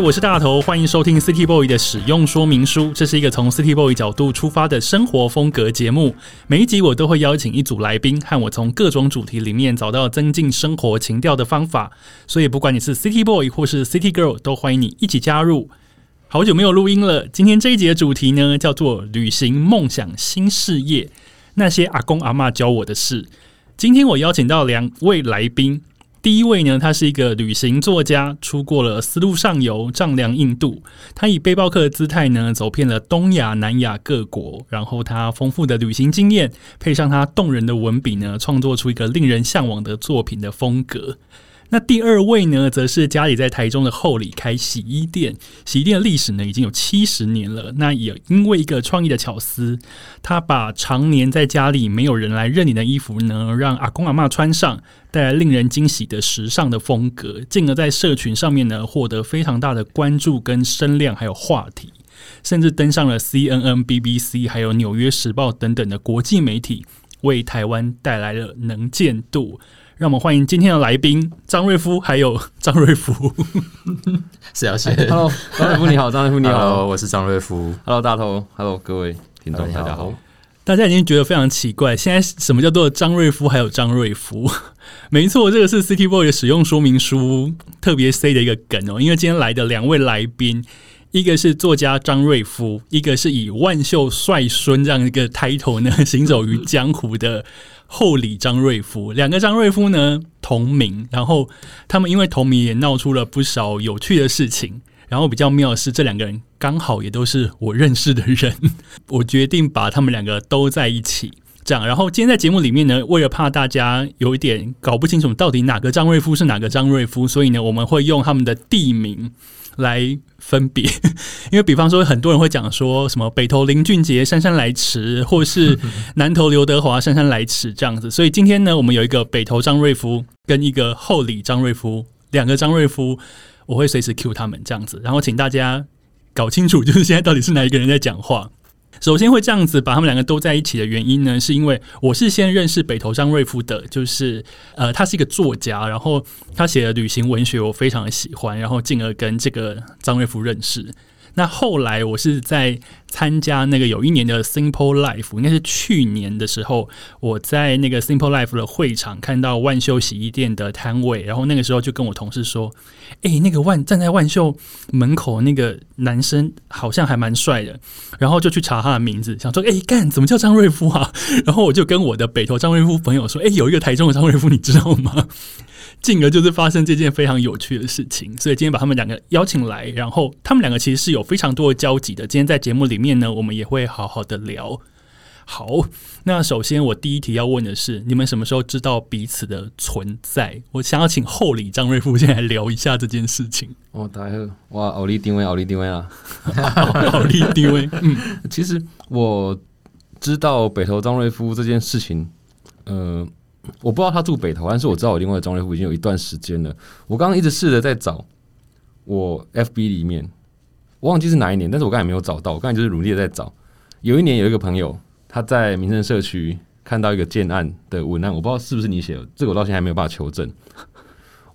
我是大頭，歡迎收聽《City Boy》的使用說明書。這是一個從 City Boy 角度出發的生活風格節目。每一集我都會邀請一組來賓和我從各種主題裡面找到增進生活情調的方法。所以，不管你是 City Boy 或是 City Girl，都歡迎你一起加入。好久沒有錄音了，今天這一集的主題呢，叫做“旅行、夢想、新事業：那些阿公阿嬤教我的事”。今天我邀請到兩位來賓。第一位呢，他是一個旅行作家，出過了《絲路上遊》、《丈量印度》。他以背包客的姿態呢，走遍了東亞、南亞各國。然後他豐富的旅行經驗，配上他動人的文筆呢，創作出一個令人向往的作品的風格。那第二位呢，則是家裡在台中的后里開洗衣店，洗衣店的歷史呢已經有七十年了。那也因為一個創意的巧思，他把常年在家裡沒有人來認領的衣服呢，能讓阿公阿嬤穿上，帶來令人驚喜的時尚的風格，進而在社群上面呢獲得非常大的關注跟聲量，還有話題，甚至登上了 CNN、BBC 還有紐約時報等等的國際媒體，為台灣帶來了能見度。讓我們歡迎今天的來賓張瑞，瑞夫，還有張瑞夫，石小 Hello，張瑞夫你好，張瑞夫你好，Hello, 我是張瑞夫。Hello，大頭，Hello，各位聽眾 Hi, 大家好。好，大家已經覺得非常奇怪，現在什麼叫做張瑞夫還有張瑞夫？ 沒錯，這個是 City Boy 的使用說明書特別塞的一個梗哦、喔，因為今天來的兩位來賓。一個是作家張瑞夫，一個是以萬秀帥孫這樣一個 title 呢行走於江湖的后里張瑞夫，兩個張瑞夫呢同名，然後他們因為同名也鬧出了不少有趣的事情，然後比較妙的是這兩個人剛好也都是我認識的人，我決定把他們兩個兜在一起，這樣，然後今天在節目裡面呢，為了怕大家有一點搞不清楚到底哪個張瑞夫是哪個張瑞夫，所以呢，我們會用他們的地名。來分別，因為比方說，很多人會講說什麼北投林俊杰姍姍來遲，或是南投劉德華姍姍來遲這樣子。所以今天呢，我們有一個北投張瑞夫跟一個后里張瑞夫，兩個張瑞夫，我會隨時 Q 他們這樣子。然後請大家搞清楚，就是現在到底是哪一個人在講話。首先會這樣子把他們兩個都在一起的原因呢，是因為我是先認識北投張瑞夫的，就是呃，他是一個作家，然後他寫的旅行文學我非常的喜歡，然後進而跟這個張瑞夫認識。那後來我是在參加那個有一年的 Simple Life，應該是去年的時候，我在那個 Simple Life 的會場看到萬秀洗衣店的攤位，然後那個時候就跟我同事說：“哎，那個萬站在萬秀門口那個男生好像還蠻帥的。”然後就去查他的名字，想說：“哎，幹怎麼叫張瑞夫啊？”然後我就跟我的北投張瑞夫朋友說：“哎，有一個台中的張瑞夫，你知道嗎？”進而就是發生這件非常有趣的事情，所以今天把他們兩個邀請來，然後他們兩個其實是有非常多的交集的。今天在節目裡面呢，我們也會好好的聊。好，那首先我第一題要問的是，你們什麼時候知道彼此的存在？我想要請後禮張瑞夫先來聊一下這件事情。哦，大家好哇，奧利丁威，奧利丁威啊，奧利丁威。嗯，其實我知道北投張瑞夫這件事情，呃。我不知道他住北投，但是我知道我另外一個張瑞夫已經有一段時間了。我剛剛一直試着在找我 FB 裡面，我忘記是哪一年，但是我剛才也沒有找到。我剛才就是努力的在找。有一年有一個朋友，他在民生社區看到一個建案的文案，我不知道是不是你寫的，這個我到現在還沒有辦法求證。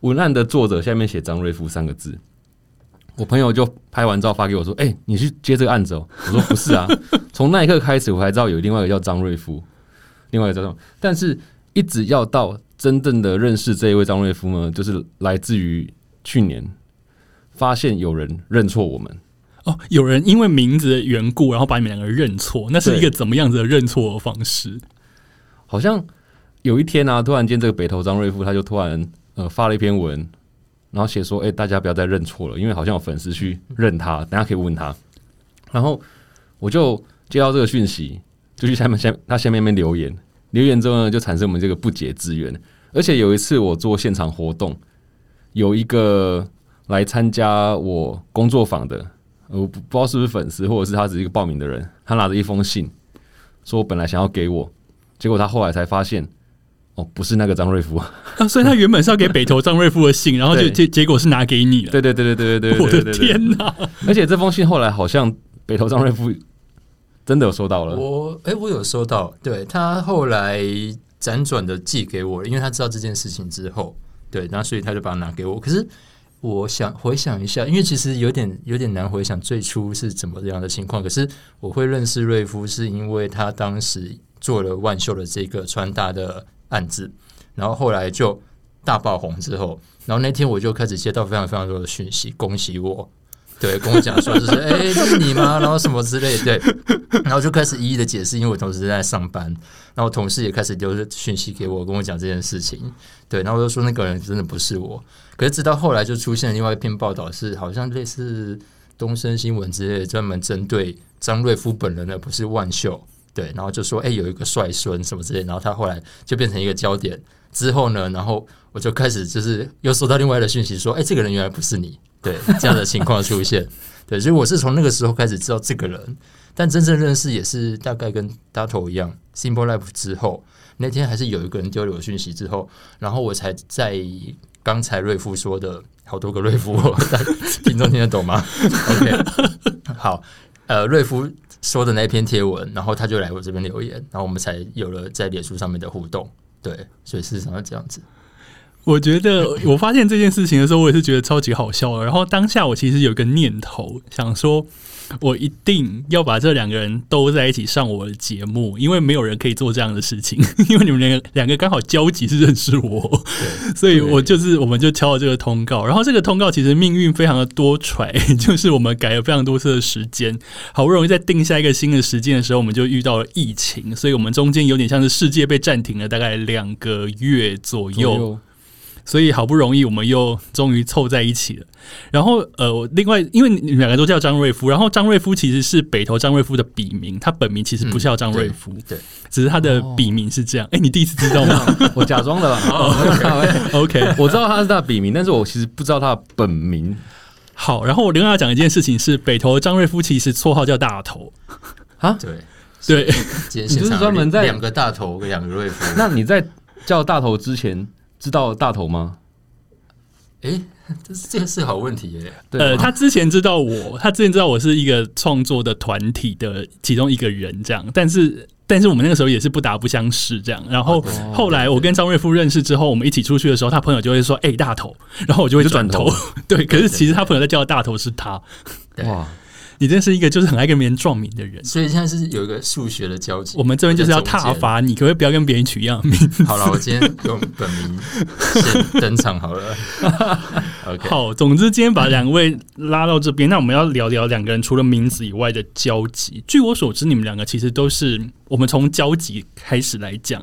文案的作者下面寫張瑞夫三個字，我朋友就拍完照發給我說：“哎、欸，你去接這個案子哦、喔。”我說：“不是啊。”從 那一刻開始，我還知道有另外一個叫張瑞夫，另外一個叫什麼？但是。一直要到真正的認識這一位張瑞夫呢，就是來自於去年發現有人認錯我們哦，有人因為名字的緣故，然後把你們兩個認錯，那是一個怎麼樣子的認錯的方式？好像有一天啊，突然間這個北投張瑞夫他就突然呃發了一篇文，然後寫說：“哎、欸，大家不要再認錯了，因為好像有粉絲去認他，大家、嗯、可以問他。”然後我就接到這個訊息，就去下面下面他下面那邊留言。留言之後呢，就產生我們這個不解之緣。而且有一次我做現場活動，有一個來參加我工作坊的，我不知道是不是粉絲，或者是他只是一個報名的人，他拿着一封信，說我本來想要給我，結果他後來才發現，哦，不是那個張瑞夫、啊，所以他原本是要給北投張瑞夫的信， 對然後就結結結果是拿給你，對對對對,對對對對對對對，我的天哪、啊！而且這封信後來好像北投張瑞夫。真的有收到了我，我、欸、誒，我有收到，對他後來輾轉的寄給我，因為他知道這件事情之後，對，然後所以他就把它拿給我。可是我想回想一下，因為其實有點有點難回想最初是怎麼樣的情況。可是我會認識瑞夫，是因為他當時做了萬秀的這個穿搭的案子，然後後來就大爆紅之後，然後那天我就開始接到非常非常多的訊息，恭喜我。對，跟我講說就是欸，是你嗎？然後什麼之類的，對，然後就開始一一的解釋，因為我同時正在上班，然後同事也開始留着訊息給我，跟我講這件事情，對，然後我就說那個人真的不是我，可是直到後來就出現了另外一篇報道，是好像類似東森新聞之類的，專門針對張瑞夫本人的，不是萬秀，對，然後就說欸，有一個帥孫什麼之類，然後他後來就變成一個焦點，之後呢，然後我就開始就是又收到另外的訊息說，欸，這個人原來不是你。對，這樣的情況出現，對，所以我是從那個時候開始知道這個人，但真正認識也是大概跟大頭一樣，Simple Life 之後，那天還是有一個人丟了我訊息之後，然後我才在剛才瑞夫說的好多個瑞夫，聽眾聽得懂嗎 ？OK，好，呃，瑞夫說的那篇貼文，然後他就來我這邊留言，然後我們才有了在臉書上面的互動，對，所以事實上是這樣子。我覺得我發現這件事情的時候，我也是覺得超級好笑。然後當下我其實有一個念頭，想說我一定要把這兩個人都在一起上我的節目，因為沒有人可以做這樣的事情。因為你們兩個兩個剛好交集是認識我，所以我就是我們就敲了這個通告。然後這個通告其實命運非常的多舛，就是我們改了非常多次的時間，好不容易在定下一個新的時間的時候，我們就遇到了疫情，所以我們中間有點像是世界被暫停了大概兩個月左右。所以好不容易我們又終於湊在一起了。然後呃，另外因為你們兩個都叫張瑞夫，然後張瑞夫其實是北投張瑞夫的筆名，他本名其實不叫張瑞夫，嗯、對，對只是他的筆名是這樣。哎、哦欸，你第一次知道嗎？哦、我假裝的。 OK，okay 我知道他是他筆名，但是我其實不知道他的本名。好，然後我另外要講一件事情是，北投張瑞夫其實綽號叫大頭啊。對對，對你就是專門在兩個大頭兩個瑞夫。 那你在叫大頭之前。知道大頭嗎？哎，這是這個是好問題哎。呃，他之前知道我，他之前知道我是一個創作的團體的其中一個人這樣，但是但是我們那個時候也是不打不相識這樣。然後後來我跟張瑞夫認識之後，我們一起出去的時候，他朋友就會說：“哎，大頭。”然後我就會轉頭，對。可是其實他朋友在叫大頭是他，哇。你真是一個就是很愛跟別人撞名的人，所以現在是有一個數學的交集。我們這邊就是要撻伐你，你可不可以不要跟別人取一樣名字？好了，我今天用本名先登場好了。 OK，好，總之今天把兩位拉到這邊，嗯、那我們要聊聊兩個人除了名字以外的交集。據我所知，你們兩個其實都是我們從交集開始來講。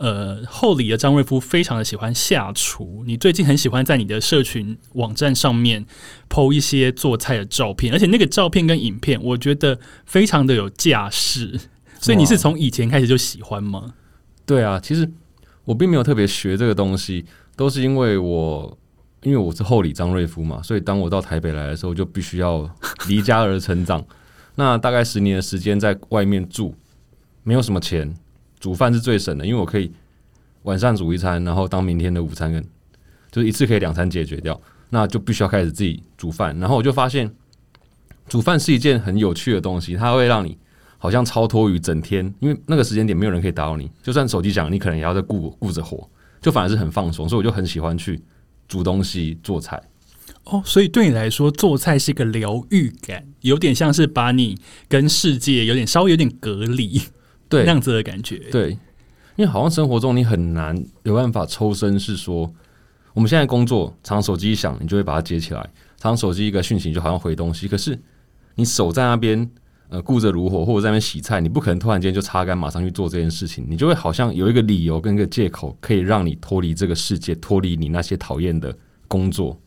呃，後里的張瑞夫非常的喜歡下廚。你最近很喜歡在你的社群網站上面 PO 一些做菜的照片，而且那個照片跟影片，我覺得非常的有架勢。所以你是從以前開始就喜歡嗎？對啊，其實我並沒有特別學這個東西，都是因為我因為我是後里張瑞夫嘛，所以當我到台北來的時候，我就必須要離家而成長。 那大概十年的時間在外面住，沒有什麼錢。煮飯是最省的，因為我可以晚上煮一餐，然後當明天的午餐跟，就是一次可以兩餐解決掉，那就必須要開始自己煮飯，然後我就發現煮飯是一件很有趣的東西，它會讓你好像超脫於整天，因為那個時間點沒有人可以打擾你，就算手機響，你可能也要在顧顧着火，就反而是很放鬆。所以我就很喜歡去煮東西、做菜。哦，所以對你來說，做菜是一個療癒感，有點像是把你跟世界有點稍微有點隔離。這對樣子的感覺、欸，對，因為好像生活中你很難有辦法抽身，是說我們現在工作，常，常手機一響，你就會把它接起來，常，常手機一個訊息，就好像回東西。可是你手在那邊，呃，顧着爐火或者在那邊洗菜，你不可能突然間就擦乾，馬上去做這件事情。你就會好像有一個理由跟一個借口，可以讓你脫離這個世界，脫離你那些討厭的工作。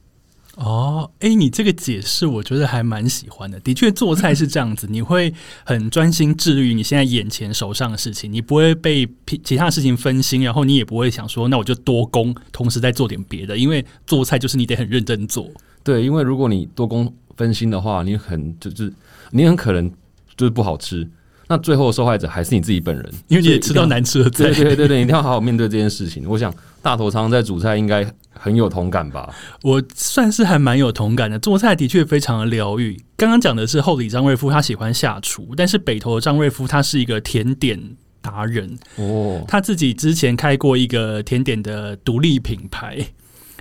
哦，哎，你這個解釋，我覺得還蠻喜歡的。的確，做菜是這樣子，你會很專心致力於你現在眼前手上的事情，你不會被其他事情分心，然後你也不會想說，那我就多工，同時再做點別的。因為做菜就是你得很認真做。對，因為如果你多工分心的話，你很就是你很可能就是不好吃。那最後受害者還是你自己本人，因為你也吃到難吃的。對對對對，一定要好好面對這件事情。 我想大頭蒼在煮菜應該很有同感吧？我算是還蠻有同感的，做菜的確非常的療癒。剛剛講的是後里張瑞夫他喜歡下廚，但是北投張瑞夫他是一個甜點達人哦，oh. 他自己之前開過一個甜點的獨立品牌。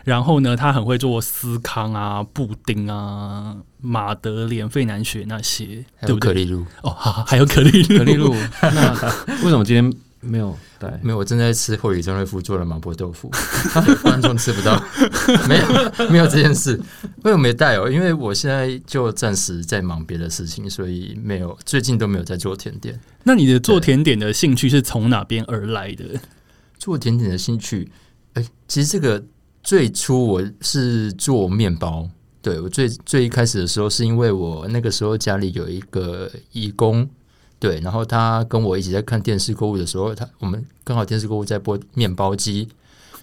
然後呢，他很會做司康啊、布丁啊、馬德蓮、費南雪那些，還有可麗露，對不對？哦哈哈，還有可麗可麗露。那為什麼今天沒有帶？ 沒有，我正在吃霍宇張瑞夫做的麻婆豆腐， 觀眾吃不到。 沒有，沒有這件事，我也沒帶哦，因為我現在就暫時在忙別的事情，所以沒有。最近都沒有在做甜點。那你的做甜點的興趣對是從哪邊而來的？做甜點的興趣，哎、欸，其實這個。最初我是做麵包，對，我最最一開始的時候，是因為我那個時候家裡有一個義工，對，然後他跟我一起在看電視購物的時候，他我們剛好電視購物在播麵包機，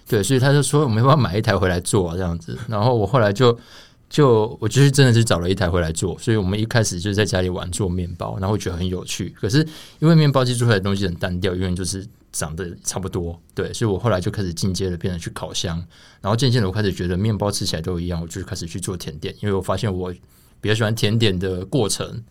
對，所以他就說沒辦法買一台回來做啊，這樣子，然後我後來就就我就是真的是找了一台回來做，所以我們一開始就在家裡玩做麵包，然後我覺得很有趣，可是因為麵包機做出來的東西很單調，因為就是。長得差不多，對，所以我後來就開始進階的變成去烤箱，然後漸漸的我開始覺得麵包吃起來都一樣，我就開始去做甜點，因為我發現我比較喜歡甜點的過程。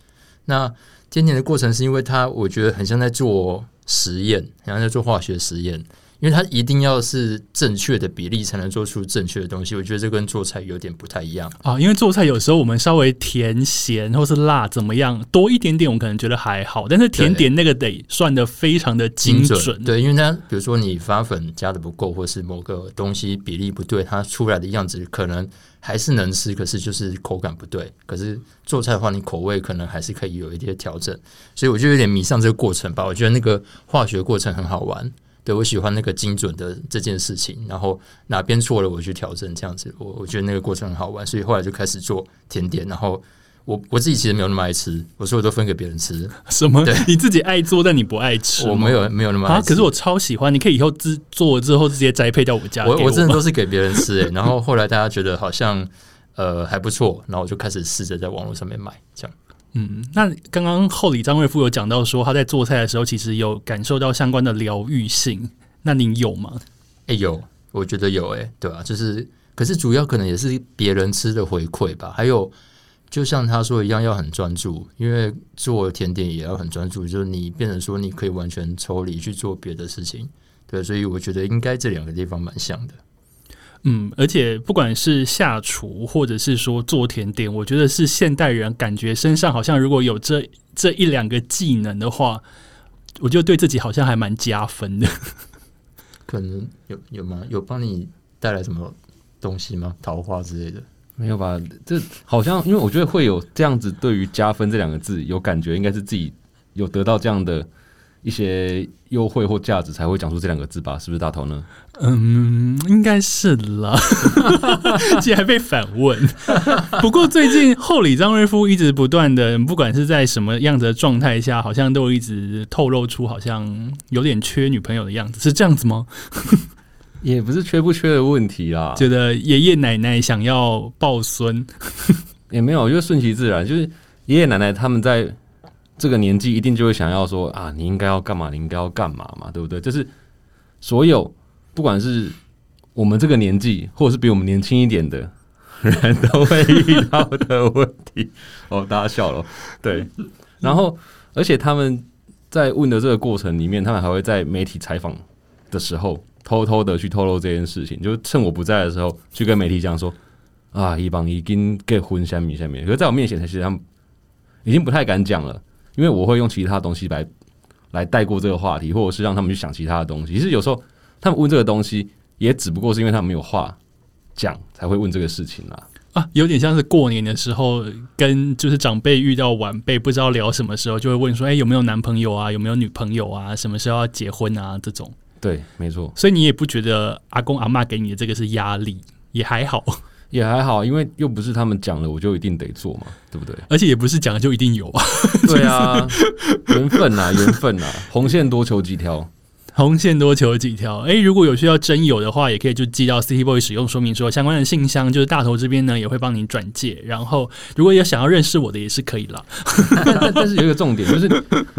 那甜點的過程是因為它，我覺得很像在做實驗，很像在做化學實驗。因為它一定要是正確的比例才能做出正確的東西，我覺得這跟做菜有點不太一樣啊。因為做菜有時候我們稍微甜、鹹或是辣怎麼樣多一點點，我可能覺得還好。但是甜點那個得算的非常的精準，精準。對，因為它比如說你發粉加的不夠，或是某個東西比例不對，它出來的樣子可能還是能吃，可是就是口感不對。可是做菜的話，你口味可能還是可以有一些調整。所以我就有點迷上這個過程吧。我覺得那個化學過程很好玩。對，我喜歡那個精準的這件事情，然後哪邊錯了我就去調整，這樣子我我覺得那個過程很好玩，所以後來就開始做甜點。然後我我自己其實沒有那麼愛吃，我說我都分給別人吃。什麼？對你自己愛做，但你不愛吃？我沒有沒有那麼愛吃，可是我超喜歡。你可以以後自做了之後直接栽培到我們家。我我，我真的都是給別人吃哎、欸。 然後後來大家覺得好像呃還不錯，然後我就開始試着在網絡上面賣這樣。嗯，那剛剛后里張瑞夫有講到說他在做菜的時候，其實有感受到相關的療癒性。那您有嗎？誒、欸，有，我覺得有誒、欸，對啊，就是，可是主要可能也是別人吃的回饋吧。還有，就像他說一樣，要很專注，因為做甜點也要很專注，就是你變成說你可以完全抽離去做別的事情，對、啊，所以我覺得應該這兩個地方蠻像的。嗯，而且不管是下廚或者是說做甜點，我覺得是現代人感覺身上好像如果有這這一兩個技能的話，我就對自己好像還蠻加分的。可能有有嗎？有幫你帶來什麼東西嗎？桃花之類的？沒有吧？這好像因為我覺得會有這樣子對於加分這兩個字有感覺，應該是自己有得到這樣的一些優惠或價值才會講出這兩個字吧，是不是大頭呢？嗯，應該是了。竟 然還被反問。 不過最近后里張瑞夫一直不斷的，不管是在什麼樣子的狀態下，好像都一直透露出好像有點缺女朋友的樣子，是這樣子嗎？ 也不是缺不缺的問題啦，覺得爺爺奶奶想要抱孫， 也沒有，就順其自然，就是爺爺奶奶他們在。這個年紀一定就會想要說啊，你應該要幹嘛？你應該要幹嘛嘛？對不對？就是所有，不管是我們這個年紀，或者是比我們年輕一點的人都會遇到的問題。 哦，大家笑了。對，然後而且他們在問的這個過程裡面，他們還會在媒體採訪的時候偷偷的去透露這件事情，就趁我不在的時候去跟媒體講說啊，一幫已經結婚，蝦米蝦米。可是在我面前，其實他們已經不太敢講了。因為我會用其他東西來來帶過這個話題，或者是讓他們去想其他的東西。其實有時候他們問這個東西，也只不過是因為他們沒有話講才會問這個事情啦。啊，有點像是過年的時候，跟就是長輩遇到晚輩，不知道聊什麼時候就會問說：“哎、欸，有沒有男朋友啊？有沒有女朋友啊？什麼時候要結婚啊？”這種。對，沒錯。所以你也不覺得阿公阿嬤給你的這個是壓力？也還好。也還好，因為又不是他們講了我就一定得做嘛，對不對？而且也不是講了就一定有啊。對啊，緣 分吶，啊，緣分吶，啊，紅線多求幾條，紅線多求幾條。誒、欸，如果有需要真有的話，也可以就寄到 City Boy 使用說明書相關的信箱，就是大頭這邊呢也會幫您轉介。然後如果有想要認識我的也是可以啦。 但是有一個重點，就是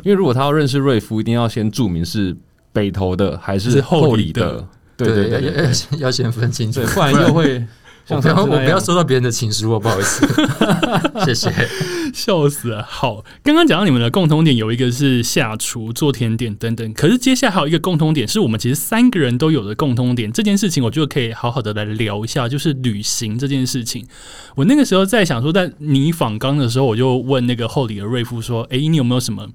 因為如果他要認識瑞夫，一定要先注明是北投的還是後里的。的對對對，對，對，對，對，對，要先分清楚，不然又會。 我不要收到別人的情書哦，我不好意思。 謝謝，笑死了。好，剛剛講到你們的共同點有一個是下廚做甜點等等，可是接下來還有一個共同點是我們其實三個人都有的共通點，這件事情我就可以好好的來聊一下，就是旅行這件事情。我那個時候在想說，在你訪剛的時候，我就問那個后里的瑞夫說：“哎、欸，你有沒有什麼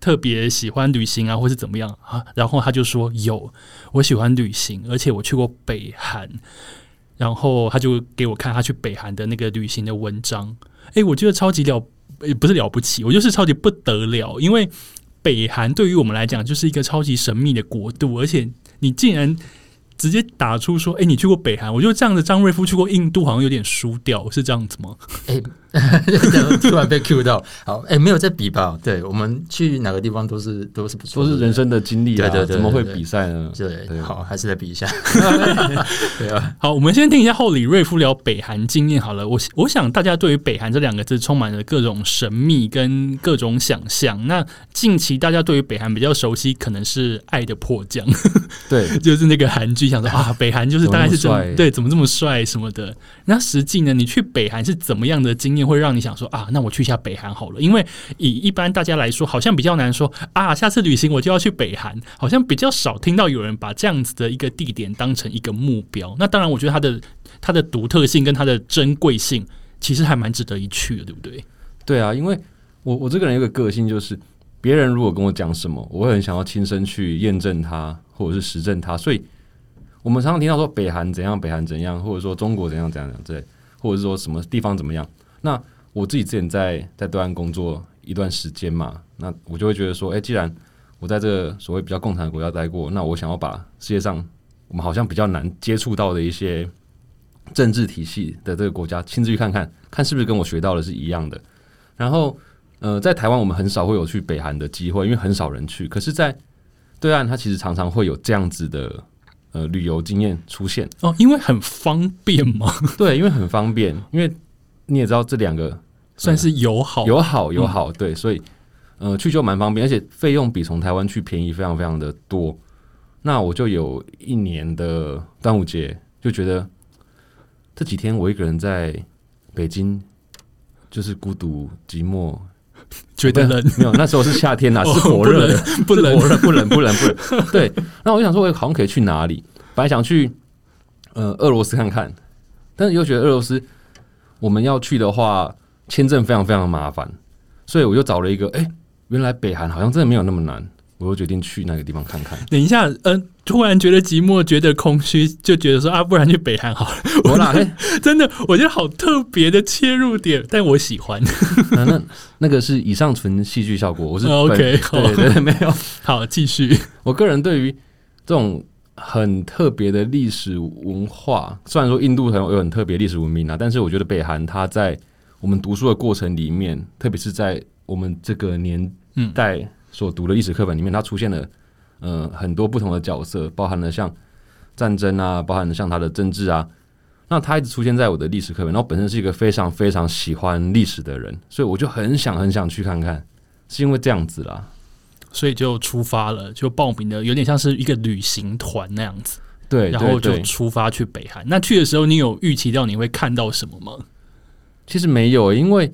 特別喜歡旅行啊，或是怎麼樣、啊啊？”然後他就說：“有，我喜歡旅行，而且我去過北韓。”然後他就給我看他去北韓的那個旅行的文章，哎，我覺得超級了，也不是了不起，我就是超級不得了，因為北韓對於我們來講就是一個超級神秘的國度，而且你竟然直接打出說，哎，你去過北韓，我覺得這樣的張瑞夫去過印度，好像有點輸掉，是這樣子嗎？哎 突然被 cue 到，好，哎、欸，沒有在比吧？對，我們去哪個地方都是都是不錯，都是人生的經歷啊！對對，怎麼會比賽呢？對，好，還是來比一下，對啊。好，我們先聽一下后里瑞夫聊北韓經驗好了。我我想大家對於北韓這兩個字充滿了各種神秘跟各種想象。那近期大家對於北韓比較熟悉，可能是愛《愛的迫降》，對， 就是那個韓劇，想說啊，北韓就是大概是怎麼，麼，對，怎麼這麼帥什麼的。那實際呢？你去北韓是怎麼樣的經驗？會讓你想說啊，那我去一下北韓好了，因為以一般大家來說，好像比較難說啊。下次旅行我就要去北韓，好像比較少聽到有人把這樣子的一個地點當成一個目標。那當然，我覺得它的它的獨特性跟它的珍貴性，其實還蠻值得一去的，對不對？對啊，因為我我這個人有個個性就是，別人如果跟我講什麼，我會很想要親身去驗證它或者是實證它。所以我們常常聽到說北韓怎樣，北韓怎樣，或者說中國怎樣怎樣怎樣，或者說什麼地方怎麼樣。那我自己之前在在對岸工作一段時間嘛，那我就會覺得說，哎、欸，既然我在這個所謂比較共產的國家待過，那我想要把世界上我們好像比較難接觸到的一些政治體系的這個國家親自去看看，看是不是跟我學到的是一樣的。然後，呃，在台灣我們很少會有去北韓的機會，因為很少人去。可是，在對岸它其實常常會有這樣子的呃旅遊經驗出現哦，因為很方便嘛，對，因為很方便，因為。你也知道這兩個算是友好，呃、友好、嗯、友好，對，所以，呃，去就蠻方便，而且費用比從台灣去便宜非常非常的多。那我就有一年的端午節，就覺得這幾天我一個人在北京，就是孤獨寂寞，覺得冷沒有。那時候是夏天吶，是火熱，哦，不冷，不冷，不冷，不冷，對。那我就想說，我好像可以去哪裡？本來想去呃俄羅斯看看，但是又覺得俄羅斯。我們要去的話，簽證非常非常麻煩，所以我就找了一個。哎、欸，原來北韓好像真的沒有那麼難，我就決定去那個地方看看。等一下，嗯、呃，突然覺得寂寞，覺得空虛，就覺得說啊，不然去北韓好了。我哪天真的，我覺得好特別的切入點，但我喜歡。 啊、那那個是以上純戲劇效果，我是、哦、OK，好對，對對，沒有。好，繼續。我個人對於這種。很特別的歷史文化，雖然說印度很有很特別歷史文明啊，但是我覺得北韓它在我們讀書的過程裡面，特別是在我們這個年代所讀的歷史課本裡面，它、嗯、出現了呃很多不同的角色，包含了像戰爭啊，包含了像它的政治啊，那它一直出現在我的歷史課本，然後我本身是一個非常非常喜歡歷史的人，所以我就很想很想去看看，是因為這樣子啦。所以就出發了，就報名的有點像是一個旅行團那樣子，對，然後就出發去北韓。那去的時候，你有預期到你會看到什麼嗎？其實沒有，因為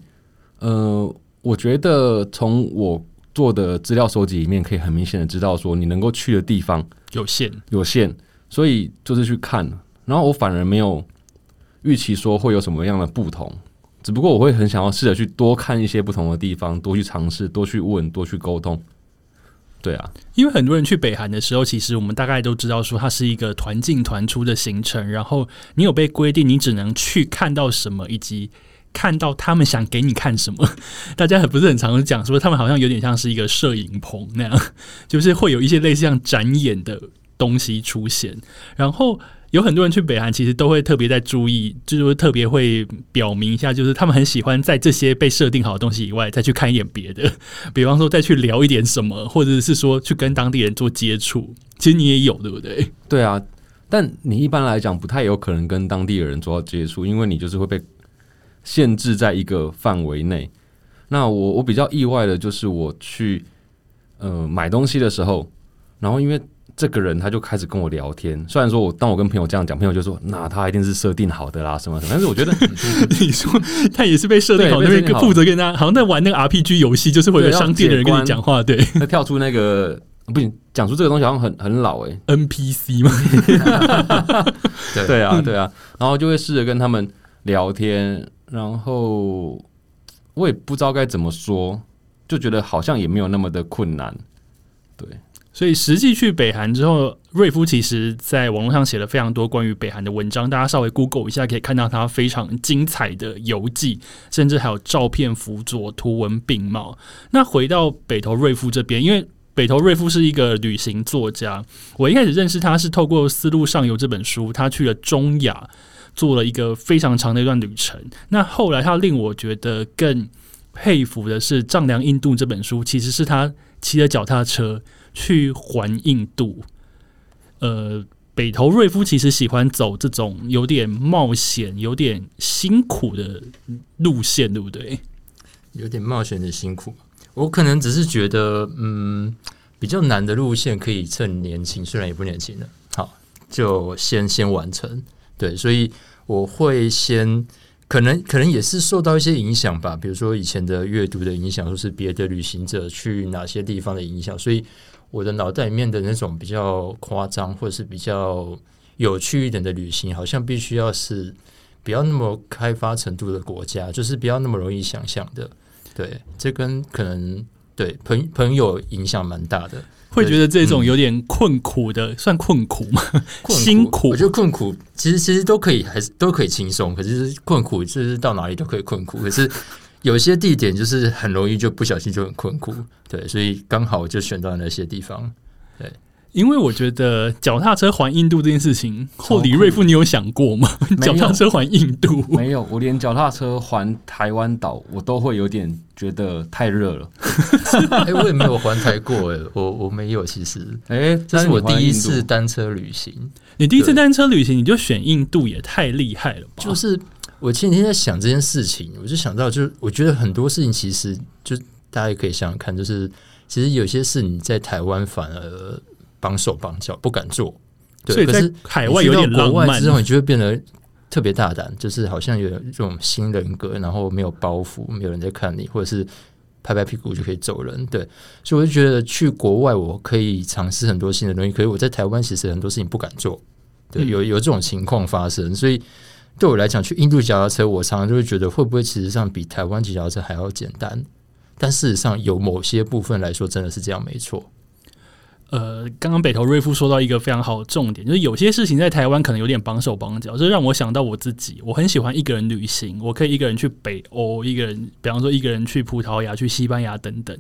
呃，我覺得從我做的資料收集裡面，可以很明顯的知道說你能夠去的地方有限，有限，有限。所以就是去看，然後我反而沒有預期說會有什麼樣的不同。只不過我會很想要試着去多看一些不同的地方，多去嘗試，多去問，多去溝通。對啊，因為很多人去北韓的時候，其實我們大概都知道說它是一個團進團出的行程，然後你有被規定你只能去看到什麼，以及看到他們想給你看什麼。大家很不是很常常講說，他們好像有點像是一個攝影棚那樣，就是會有一些類似像展演的東西出現，然後。有很多人去北韓，其實都會特別在注意，就是特別會表明一下，就是他們很喜歡在這些被設定好的東西以外，再去看一點別的，比方說再去聊一點什麼，或者是說去跟當地人做接觸，其實你也有，對不對？對啊，但你一般來講不太有可能跟當地的人做到接觸，因為你就是會被限制在一個範圍內。那我我比較意外的就是我去呃買東西的時候，然後因為。這個人他就開始跟我聊天，雖然說我當我跟朋友這樣講，朋友就說那他一定是設定好的啦什麼什麼，但是我覺得很多 你說他也是被設定好對那邊負責跟他好像在玩那個 RPG 遊戲，就是會有商店的人跟你講話，對，他跳出那個不行，講出這個東西好像很很老哎，NPC 嗎？對啊對啊，然後就會試着跟他們聊天，然後我也不知道該怎麼說，就覺得好像也沒有那麼的困難，對。所以實際去北韓之後，瑞夫其實在網絡上寫了非常多關於北韓的文章，大家稍微 Google 一下，可以看到他非常精彩的遊記，甚至還有照片輔佐，圖文並茂。那回到北投瑞夫這邊，因為北投瑞夫是一個旅行作家，我一開始認識他是透過《絲路上游》這本書，他去了中亞，做了一個非常長的一段旅程。那後來他令我覺得更佩服的是《丈量印度》這本書，其實是他騎着腳踏車。去環印度，呃，北投瑞夫其實喜歡走這種有點冒險、有點辛苦的路線，對不對？有點冒險的辛苦，我可能只是覺得，嗯，比較難的路線可以趁年輕，雖然也不年輕了，好，就先先完成。對，所以我會先，可能可能也是受到一些影響吧，比如說以前的閱讀的影響，或是別的旅行者去哪些地方的影響，所以。我的腦袋裡面的那種比較誇張，或者是比較有趣一點的旅行，好像必須要是不要那麼開發程度的國家，就是不要那麼容易想象的。對，這跟可能對朋朋友影響蠻大的，會覺得這種有點困苦的，嗯、算困苦嗎？困苦辛苦？我覺得困苦其實其實都可以，還是都可以輕鬆，可是困苦就是到哪裡都可以困苦，可是。 有些地點就是很容易就不小心就很困苦，對，所以剛好就選到那些地方，對，因為我覺得腳踏車環印度這件事情，霍李瑞夫，你有想過嗎？腳有踏車環印度沒有，我連腳踏車環台灣島，我都會有點覺得太熱了。哎嗎、 欸，我也沒有環台過，哎，我我沒有，其實，哎、欸，這是我第一次單車旅行。你，對你第一次單車旅行，你就選印度也太厲害了吧？就是。我前幾天在想這件事情，我就想到就，就是我覺得很多事情，其實就大家也可以想想看，就是其實有些事你在台灣反而綁手綁腳不敢做，對？但是海外，去到國外有點浪漫之後，你就會變得特別大膽，就是好像有一種新人格，然後沒有包袱，沒有人在看你，或者是拍拍屁股就可以走人。對，所以我就覺得去國外我可以嘗試很多新的東西，可是我在台灣其實很多事情不敢做，對，有有這種情況發生，嗯、所以。對我來講，去印度腳踏車，我常常就會覺得會不會其實上比台灣腳踏車還要簡單？但事實上，有某些部分來說，真的是這樣沒錯。呃，剛剛北投瑞夫說到一個非常好的重點，就是有些事情在台灣可能有點綁手綁腳，這、就是、讓我想到我自己。我很喜歡一個人旅行，我可以一個人去北歐，一個人，比方說一個人去葡萄牙、去西班牙等等。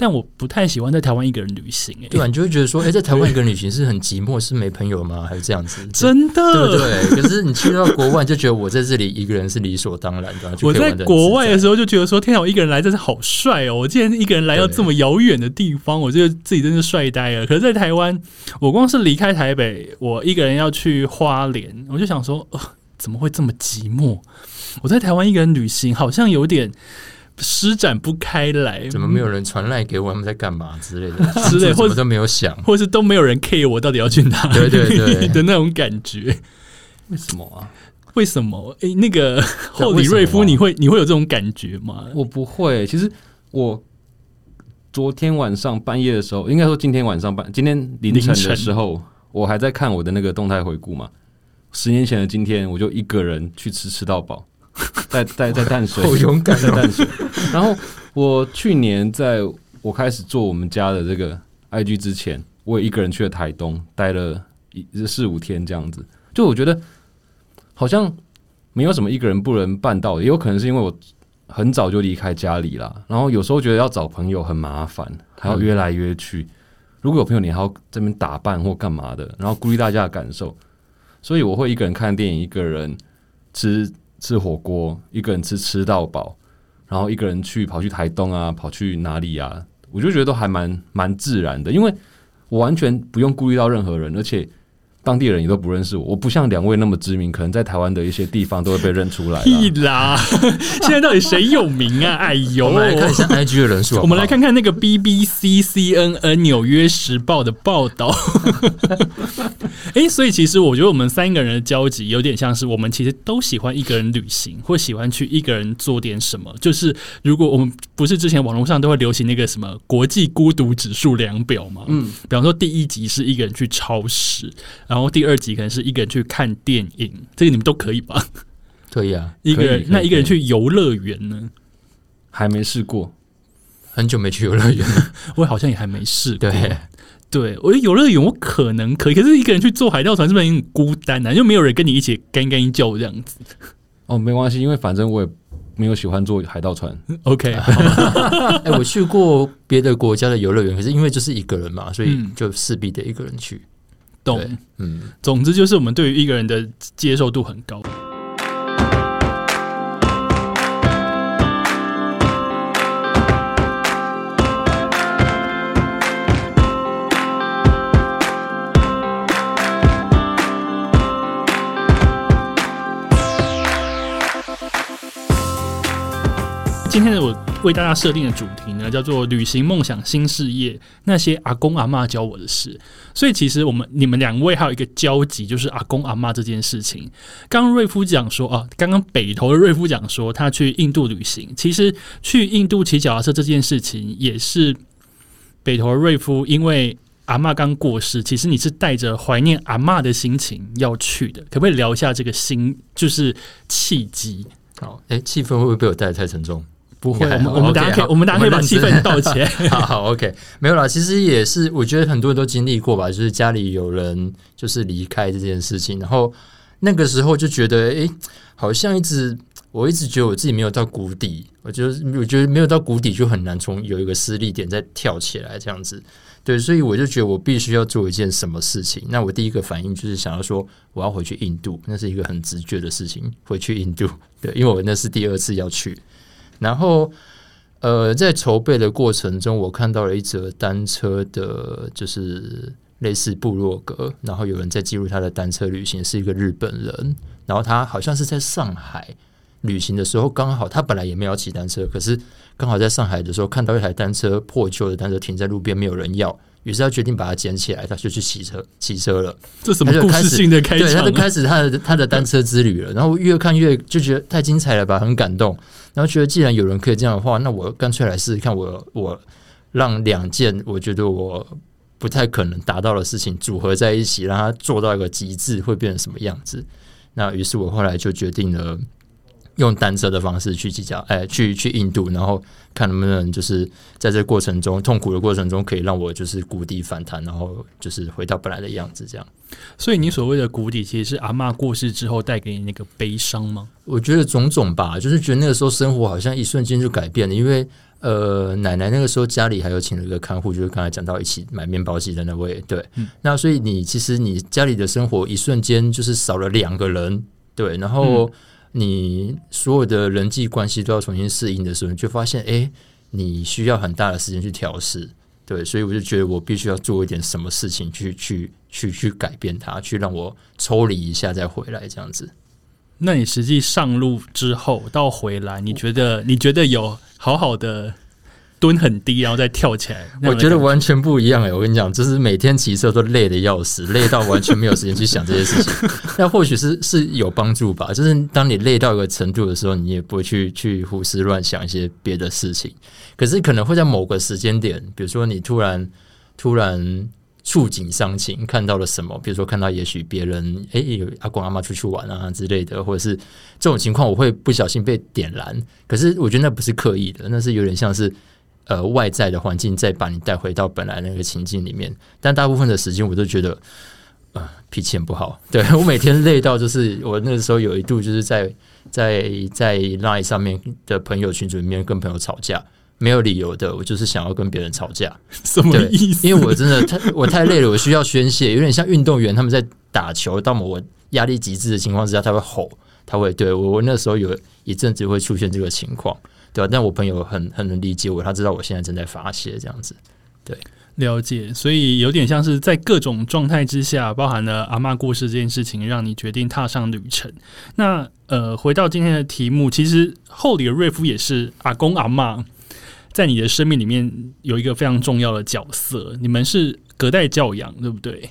但我不太喜歡在台灣一個人旅行，欸，哎，對吧，你就會覺得說，哎、欸，在台灣一個人旅行是很寂寞，是沒朋友嗎？還是這樣子？真的，對不對，對？可是你去到國外就覺得我在這裡一個人是理所當然的， 在我在國外的時候就覺得說，天啊，我一個人來真是好帥哦，喔！我竟然一個人來到這麼遙遠的地方，對我覺得自己真是帥呆了。可是，在台灣，我光是離開台北，我一個人要去花蓮，我就想說，呃，怎麼會這麼寂寞？我在台灣一個人旅行，好像有點。施展不開來，怎麼沒有人傳賴給我？他們在幹嘛之類的？ 之類或者都沒有想，或是都沒有人 care 我，到底要去哪裡？對對對，的那種感覺，為什麼啊？為什麼？哎、欸，那個後裡瑞夫，啊、你會你會有這種感覺嗎？我不會。其實我昨天晚上半夜的時候，應該說今天晚上半，今天凌晨的時候，晨我還在看我的那個動態回顧嘛。十年前的今天，我就一個人去吃，吃到飽。在在在淡水，我好勇敢的淡水。然後我去年在我開始做我們家的這個 IG 之前，我也一個人去了台東，待了一四五天這樣子。就我覺得好像沒有什麼一個人不能辦到，也有可能是因為我很早就離開家裡了。然後有時候覺得要找朋友很麻煩，還要約來約去。如果有朋友，你還要在那邊打扮或幹嘛的，然後顧慮大家的感受。所以我會一個人看電影，一個人吃。吃火鍋，一個人吃吃到飽，然後一個人去跑去台東啊，跑去哪裡啊？我就覺得都還蠻蠻自然的，因為我完全不用顧慮到任何人，而且。當地人也都不認識我，我不像兩位那麼知名，可能在台灣的一些地方都會被認出來。屁啦， 現在到底誰有名啊？哎呦， 我們來看一下 IG 的人數。我們來看看那個 BBC、CNN、紐約時報的報道。哎、 欸，所以其實我覺得我們三個人的交集有點像是，我們其實都喜歡一個人旅行，或喜歡去一個人做點什麼。就是如果我們不是之前網絡上都會流行那個什麼國際孤獨指數量表嘛，嗯，比方說第一集是一個人去超市，然後。然後第二集，可能是一個人去看電影，這個你們都可以吧？對啊，可以啊，一個人。那一個人去遊樂園呢？還沒試過，很久沒去遊樂園了， 我好像也還沒試過。對，對我覺得遊樂園我可能可以，可是一個人去坐海盜船是不是很孤單呢？啊？就沒有人跟你一起乾干淨叫這樣子。哦，沒關係，因為反正我也沒有喜歡坐海盜船。 OK，哎、 欸，我去過別的國家的遊樂園，可是因為就是一個人嘛，所以就勢必得一個人去。嗯對，嗯，總之就是我們對於一個人的接受度很高。今天的我為大家設定的主題呢，叫做“旅行夢想新事業”，那些阿公阿嬤教我的事。所以，其實我們你們兩位還有一個交集，就是阿公阿嬤這件事情。剛剛瑞夫講說，啊，剛剛北投的瑞夫講說，他去印度旅行。其實去印度騎腳踏車這件事情，也是北投的瑞夫因為阿嬤剛過世，其實你是帶着懷念阿嬤的心情要去的，可不可以聊一下這個心？就是契機？好，誒、欸，氣氛會不會被我帶得太沉重？不會，okay, 我們大家 okay, 可以好我們大家可以把氣氛倒起來好。 好，OK，沒有啦。其實也是，我覺得很多人都經歷過吧，就是家裡有人就是離開這件事情，然後那個時候就覺得，哎、欸，好像一直我一直覺得我自己沒有到谷底，我就我覺得沒有到谷底就很難從有一個施力點再跳起來這樣子。對，所以我就覺得我必須要做一件什麼事情。那我第一個反應就是想要說我要回去印度，那是一個很直覺的事情。回去印度，對，因為我那是第二次要去。然後，呃，在籌備的過程中，我看到了一則單車的，就是類似部落格。然後有人在記錄他的單車旅行，是一個日本人。然後他好像是在上海旅行的時候，剛好他本來也沒有騎單車，可是剛好在上海的時候看到一台單車，破舊的單車停在路邊，沒有人要。於是他決定把它撿起來，他就去騎車，騎車了。這是什麼故事性的開場啊。對，他就開始他的他的單車之旅了。對。然後越看越就覺得太精彩了吧，很感動。然後覺得既然有人可以這樣的話，那我乾脆來試試看我。我我讓兩件我覺得我不太可能達到的事情組合在一起，讓它做到一個極致，會變成什麼樣子？那於是我後來就決定了。用單車的方式去計較，哎，去去印度，然後看能不能就是在這個過程中，痛苦的過程中，可以讓我就是谷底反彈，然後就是回到本來的樣子。這樣，所以你所謂的谷底，其實是阿嬤過世之後帶給你那個悲傷嗎？我覺得種種吧，就是覺得那個時候生活好像一瞬間就改變了，因為呃，奶奶那個時候家裡還有請了一個看護，就是剛才講到一起買麵包機的那位，對，嗯、那所以你其實你家裡的生活一瞬間就是少了兩個人，對，然後。嗯你所有的人際關係都要重新適應的時候，你就發現哎、欸，你需要很大的時間去調適，對，所以我就覺得我必須要做一點什麼事情去，去去去去改變它，去讓我抽離一下再回來這樣子。那你實際上路之後到回來，你覺得我 你覺得有好好的？蹲很低，然後再跳起來。我覺得完全不一樣誒、欸，我跟你講，就是每天騎車都累得要死，累到完全沒有時間去想這些事情。那 或許是是有幫助吧，就是當你累到一個程度的時候，你也不會去去胡思亂想一些別的事情。可是可能會在某個時間點，比如說你突然突然觸景傷情，看到了什麼，比如說看到也許別人哎、欸、阿公阿嬤出去玩啊之類的，或者是這種情況，我會不小心被點燃。可是我覺得那不是刻意的，那是有點像是。呃，外在的環境再把你帶回到本來的那個情境裡面，但大部分的時間我都覺得，呃，脾氣很不好。對，我每天累到就是，我那個時候有一度就是在在在 LINE 上面的朋友群組裡面跟朋友吵架，沒有理由的，我就是想要跟別人吵架，什麼意思？因為我真的太，我太累了，我需要宣洩，有點像運動員他們在打球，到某我壓力極致的情況之下，他會吼，他會對我，我那時候有一陣子會出現這個情況。對、啊，但我朋友很很能理解我，他知道我現在正在發洩這樣子，對，了解，所以有點像是在各種狀態之下，包含了阿嬤故事這件事情，讓你決定踏上旅程。那呃，回到今天的題目，其實后里的瑞夫也是阿公阿嬤在你的生命裡面有一個非常重要的角色，你們是隔代教養，對不對？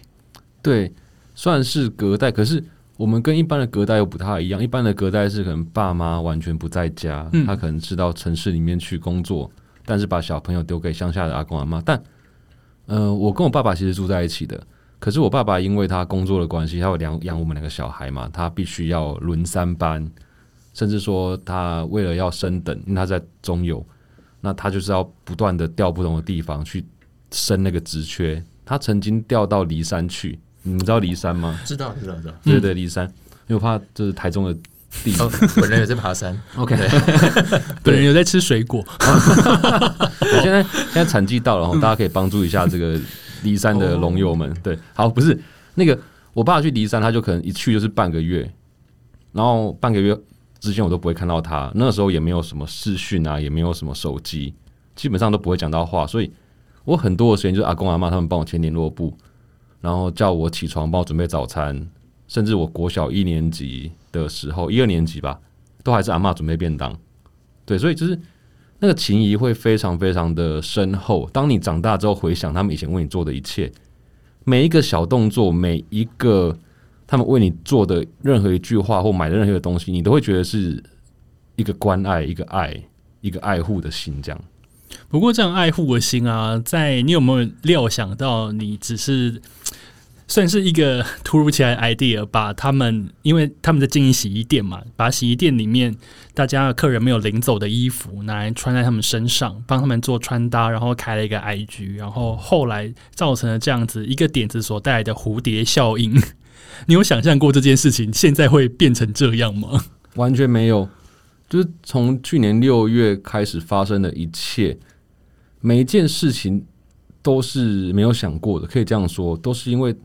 對，算是隔代，可是。我們跟一般的隔代又不太一樣。一般的隔代是可能爸媽完全不在家，嗯、他可能是到城市裡面去工作，但是把小朋友丟給鄉下的阿公阿媽。但，呃，我跟我爸爸其實住在一起的。可是我爸爸因為他工作的關係，有兩養我們兩個小孩嘛，他必須要輪三班，甚至說他為了要升等，因為他在中油，那他就是要不斷的調不同的地方去升那個職缺。他曾經調到離山去。你們知道梨山嗎？知道，知道，知道。對，對對，梨山，因為我怕這是台中的地方、。 哦、本人有在爬山。OK。本人有在吃水果。我 現在現在產季到了，然後大家可以幫助一下這個梨山的農友們。Oh, okay. 對，好，不是那個，我爸去梨山，他就可能一去就是半個月，然後半個月之間我都不會看到他。那時候也沒有什麼視訊啊，也沒有什麼手機，基本上都不會講到話，所以我很多的時間就是阿公阿媽他們幫我簽聯絡簿。然後叫我起床，幫我準備早餐，甚至我國小一年級的時候，一二年級吧，都還是阿嬤準備便當。對，所以就是那個情誼會非常非常的深厚。當你長大之後回想他們以前為你做的一切，每一個小動作，每一個他們為你做的任何一句話或買的任何東西，你都會覺得是一個關愛、一個愛、一個愛護的心這樣。不過，這樣愛護的心啊，在你有沒有料想到？你只是算是一個突如其來的 idea，把他們，因為他們在經營洗衣店嘛，把洗衣店裡面大家的客人沒有領走的衣服拿來穿在他們身上，幫他們做穿搭，然後開了一個 IG，然後後來造成了這樣子一個點子所帶來的蝴蝶效應。你有想象過這件事情現在會變成這樣嗎？完全沒有。就是從去年六月開始發生的一切，每一件事情都是沒有想過的，可以這樣說，都是因為，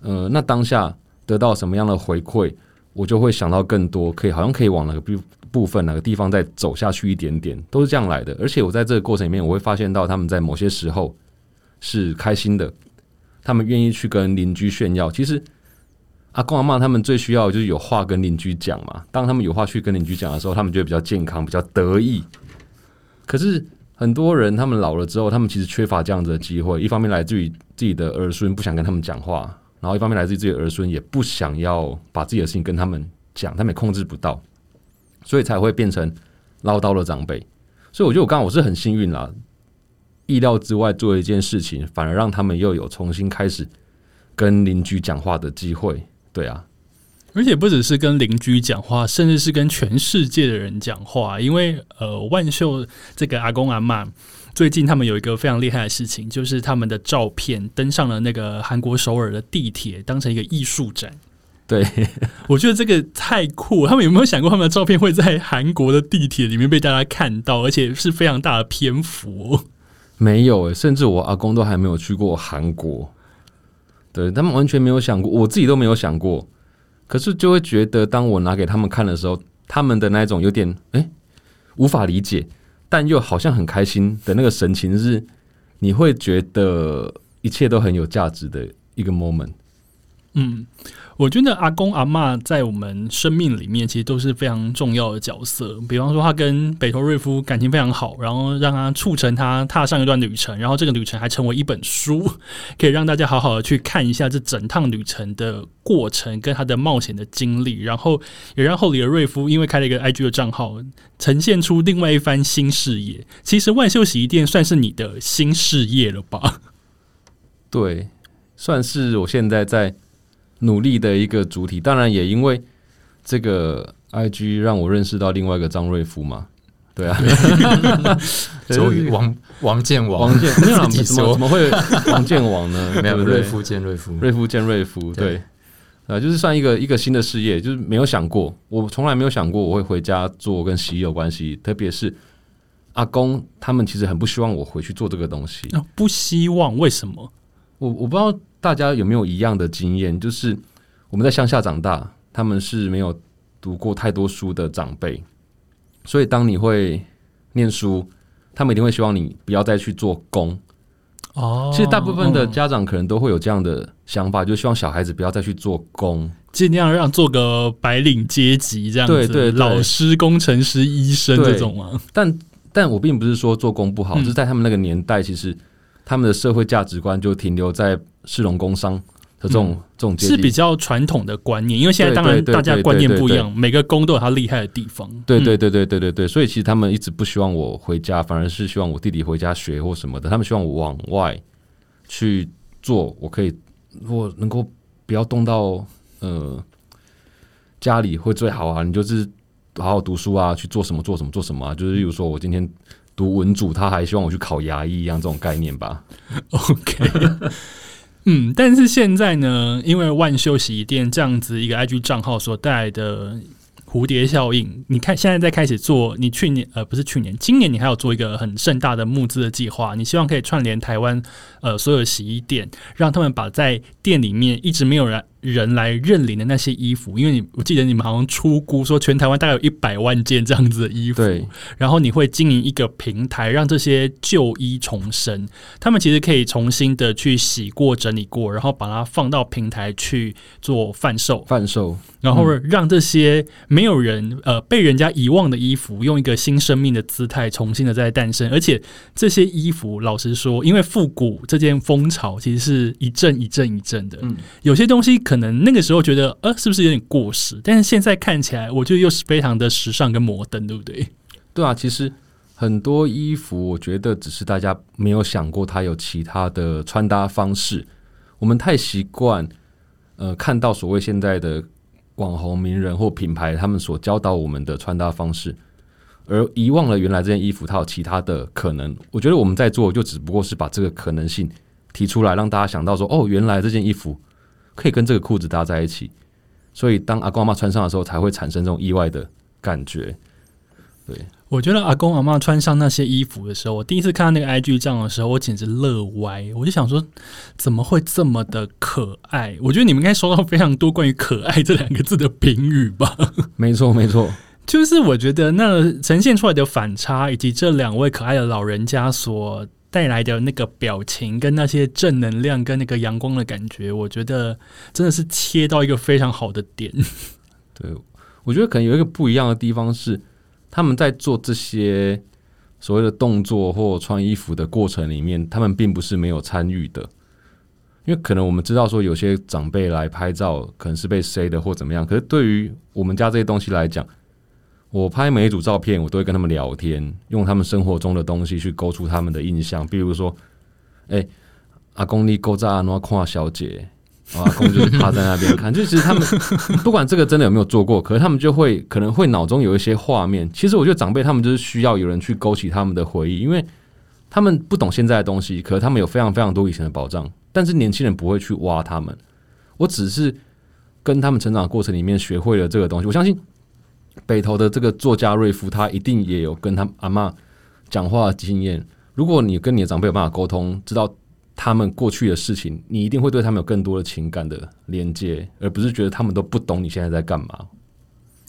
呃，那當下得到什麼樣的回饋，我就會想到更多，可以好像可以往那個部部分，那個地方再走下去一點點，都是這樣來的。而且我在這個過程裡面，我會發現到他們在某些時候是開心的，他們願意去跟鄰居炫耀，其實。阿公阿嬤他們最需要的就是有話跟鄰居講嘛。當他們有話去跟鄰居講的時候，他們覺得比較健康，比較得意。可是很多人他們老了之後，他們其實缺乏這樣子的機會。一方面來自於自己的兒孫不想跟他們講話，然後一方面來自於自己的兒孫也不想要把自己的事情跟他們講，他們也控制不到，所以才會變成嘮叨的長輩。所以我覺得我剛剛我是很幸運啦，意料之外做了一件事情，反而讓他們又有重新開始跟鄰居講話的機會。對啊，而且不只是跟鄰居講話，甚至是跟全世界的人講話。因為呃，萬秀這個阿公阿嬤，最近他們有一個非常厲害的事情，就是他們的照片登上了那個韓國首爾的地鐵，當成一個藝術展。對，我覺得這個太酷了。他們有沒有想過，他們的照片會在韓國的地鐵裡面被大家看到，而且是非常大的篇幅？ 沒有誒，甚至我阿公都還沒有去過韓國。對，他們完全沒有想過，我自己都沒有想過，可是就會覺得，當我拿給他們看的時候，他們的那一種有點哎、欸、無法理解，但又好像很開心的那個神情，是你會覺得一切都很有價值的一個 moment。嗯，我覺得阿公阿嬤，在我們生命裡面其實都是非常重要的角色。比方說，他跟北頭瑞夫感情非常好，然後讓他促成他踏上一段旅程，然後這個旅程還成為一本書，可以讓大家好好的去看一下這整趟旅程的過程跟他的冒險的經歷。然後也讓后里的瑞夫因為開了一個 IG 的賬號，呈現出另外一番新事業。其實萬秀洗衣店算是你的新事業了吧？對，算是我現在在。努力的一個主體，當然也因為這個 IG 讓我認識到另外一個張瑞夫嘛，對啊，周宇對 王王建王王建健，沒有、啊、怎麼怎麼會王建王呢？ 沒有對對瑞夫見瑞夫，瑞夫見瑞夫，對，對啊，就是算一個一個新的事業，就是沒有想過，我從來沒有想過我會回家做跟洗衣有關係，特別是阿公他們其實很不希望我回去做這個東西，啊、不希望為什麼？我我不知道。大家有沒有一樣的經驗？就是我們在鄉下長大，他們是沒有讀過太多書的長輩，所以當你會唸書，他們一定會希望你不要再去做工。哦，其實大部分的家長可能都會有這樣的想法，嗯、就希望小孩子不要再去做工，盡量讓做個白領階級這樣子，對對，老師、對工程師、醫生這種啊。但但我並不是說做工不好，就、嗯、是在他們那個年代，其實他們的社會價值觀就停留在士農工商的這種這種、嗯、是比較傳統的觀念，因為現在當然大家觀念不一樣，每個工都有它厲害的地方。嗯、對，對對對對對對對，所以其實他們一直不希望我回家，反而是希望我弟弟回家學或什麼的。他們希望我往外去做，我可以我能夠不要動到呃家裡會最好啊。你就是好好讀書啊，去做什麼做什麼做什麼啊。就是比如說我今天讀文組，他還希望我去考牙醫一樣這種概念吧。 OK。 嗯，但是現在呢，因為萬秀洗衣店這樣子一個 IG 賬號所帶來的蝴蝶效應，你看現在在開始做，你去年呃不是去年，今年你還要做一個很盛大的募資的計劃，你希望可以串聯台灣呃所有洗衣店，讓他們把在店裡面一直沒有人。人來認領的那些衣服，因為你我記得你們好像初估說全台灣大概有一百萬件這樣子的衣服，對然後你會經營一個平台，讓這些舊衣重生。他們其實可以重新的去洗過、整理過，然後把它放到平台去做販售。販售，然後讓這些沒有人、嗯、呃被人家遺忘的衣服，用一個新生命的姿態重新的再誕生。而且這些衣服，老實說，因為復古這件風潮其實是一陣一陣一陣的，嗯，有些東西。可能那個時候覺得，呃，是不是有點過時？但是現在看起來，我覺得又是非常的時尚跟摩登，對不對？對啊，其實很多衣服，我覺得只是大家沒有想過它有其他的穿搭方式。我們太習慣，呃，看到所謂現在的網紅名人或品牌他們所教導我們的穿搭方式，而遺忘了原來這件衣服它有其他的可能。我覺得我們在做，就只不過是把這個可能性提出來，讓大家想到說，哦，原來這件衣服。可以跟這個褲子搭在一起，所以當阿公阿嬤穿上的時候，才會產生這種意外的感覺。對，我覺得阿公阿嬤穿上那些衣服的時候，我第一次看到那個 IG 賬的時候，我簡直樂歪。我就想說，怎麼會這麼的可愛？我覺得你們應該收到非常多關於“可愛”這兩個字的評語吧。沒錯，沒錯，就是我覺得那呈現出來的反差，以及這兩位可愛的老人家所。帶來的那個表情，跟那些正能量，跟那個陽光的感覺，我覺得真的是切到一個非常好的點。對，我覺得可能有一個不一樣的地方是，他們在做這些所謂的動作或穿衣服的過程裡面，他們並不是沒有參與的。因為可能我們知道說，有些長輩來拍照，可能是被塞的或怎麼樣。可是對於我們家這些東西來講，我拍每一組照片，我都會跟他們聊天，用他們生活中的東西去勾出他們的印象。比如說，哎、欸，阿公你勾搭阿嬤誇小姐、喔，阿公就是趴在那邊看。 就其實他們不管這個真的有沒有做過，可是他們就會可能會腦中有一些畫面。其實我覺得長輩他們就是需要有人去勾起他們的回憶，因為他們不懂現在的東西，可是他們有非常非常多以前的寶藏，但是年輕人不會去挖他們，我只是跟他們成長的過程裡面學會了這個東西。我相信。北投的這個作家瑞夫，他一定也有跟他阿嬤講話的經驗。如果你跟你的長輩有辦法溝通，知道他們過去的事情，你一定會對他們有更多的情感的連接，而不是覺得他們都不懂你現在在幹嘛。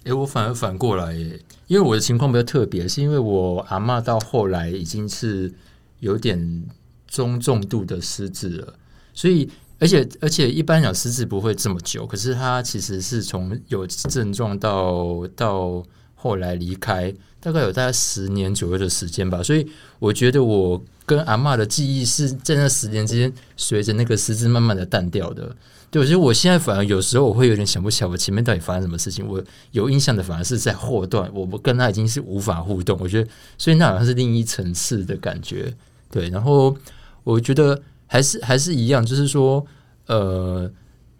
誒、欸，我反而反過來耶，因為我的情況比較特別，是因為我阿嬤到後來已經是有點中重度的失智了，所以。而且而且，而且一般講失智不會這麼久，可是他其實是從有症狀到到後來離開，大概有大概十年左右的時間吧。所以我覺得，我跟阿嬤的記憶是在那十年之間，隨着那個失智慢慢的淡掉的。對，我覺得我現在反而有時候我會有點想不起來，我前面到底發生什麼事情。我有印象的反而是在後段，我不跟他已經是無法互動。我覺得，所以那好像是另一層次的感覺。對，然後我覺得。還是還是一樣，就是說，呃，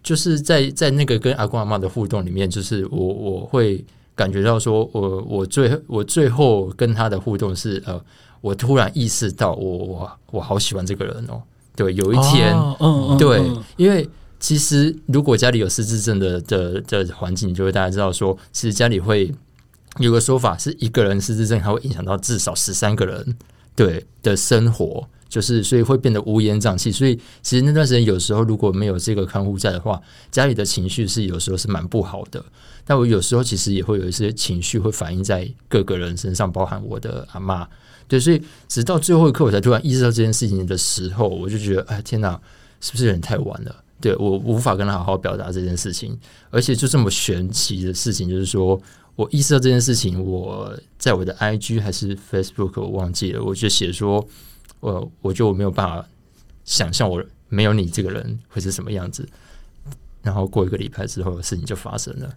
就是在在那個跟阿公阿嬤的互動裡面，就是我我會感覺到說我，我我最後，我最後跟他的互動是，呃，我突然意識到我，我我我好喜歡這個人哦、喔。對，有一天，啊嗯嗯、對，因為其實如果家裡有失智症的的的環境，就會大家知道說，其實家裡會有個說法，是一個人失智症，它會影響到至少十三個人對的生活。就是，所以會變得烏煙瘴氣。所以，其實那段時間，有時候如果沒有這個看護在的話，家裡的情緒是有時候是蠻不好的。但我有時候其實也會有一些情緒會反映在各個人身上，包含我的阿嬤。對，所以直到最後一刻，我才突然意識到這件事情的時候，我就覺得，哎，天哪！是不是有點太晚了？對，我無法跟他好好表達這件事情，而且就這麼玄奇的事情，就是說我意識到這件事情，我在我的 IG 還是 Facebook，我忘記了，我就寫說。我我就沒有辦法想象我沒有你這個人會是什麼樣子，然後過一個禮拜之後事情就發生了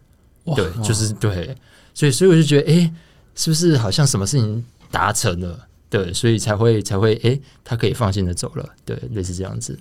哇，對，就是對，所以所以我就覺得，哎，是不是好像什麼事情達成了？對，所以才會才會，哎，他可以放心的走了，對，類似這樣子。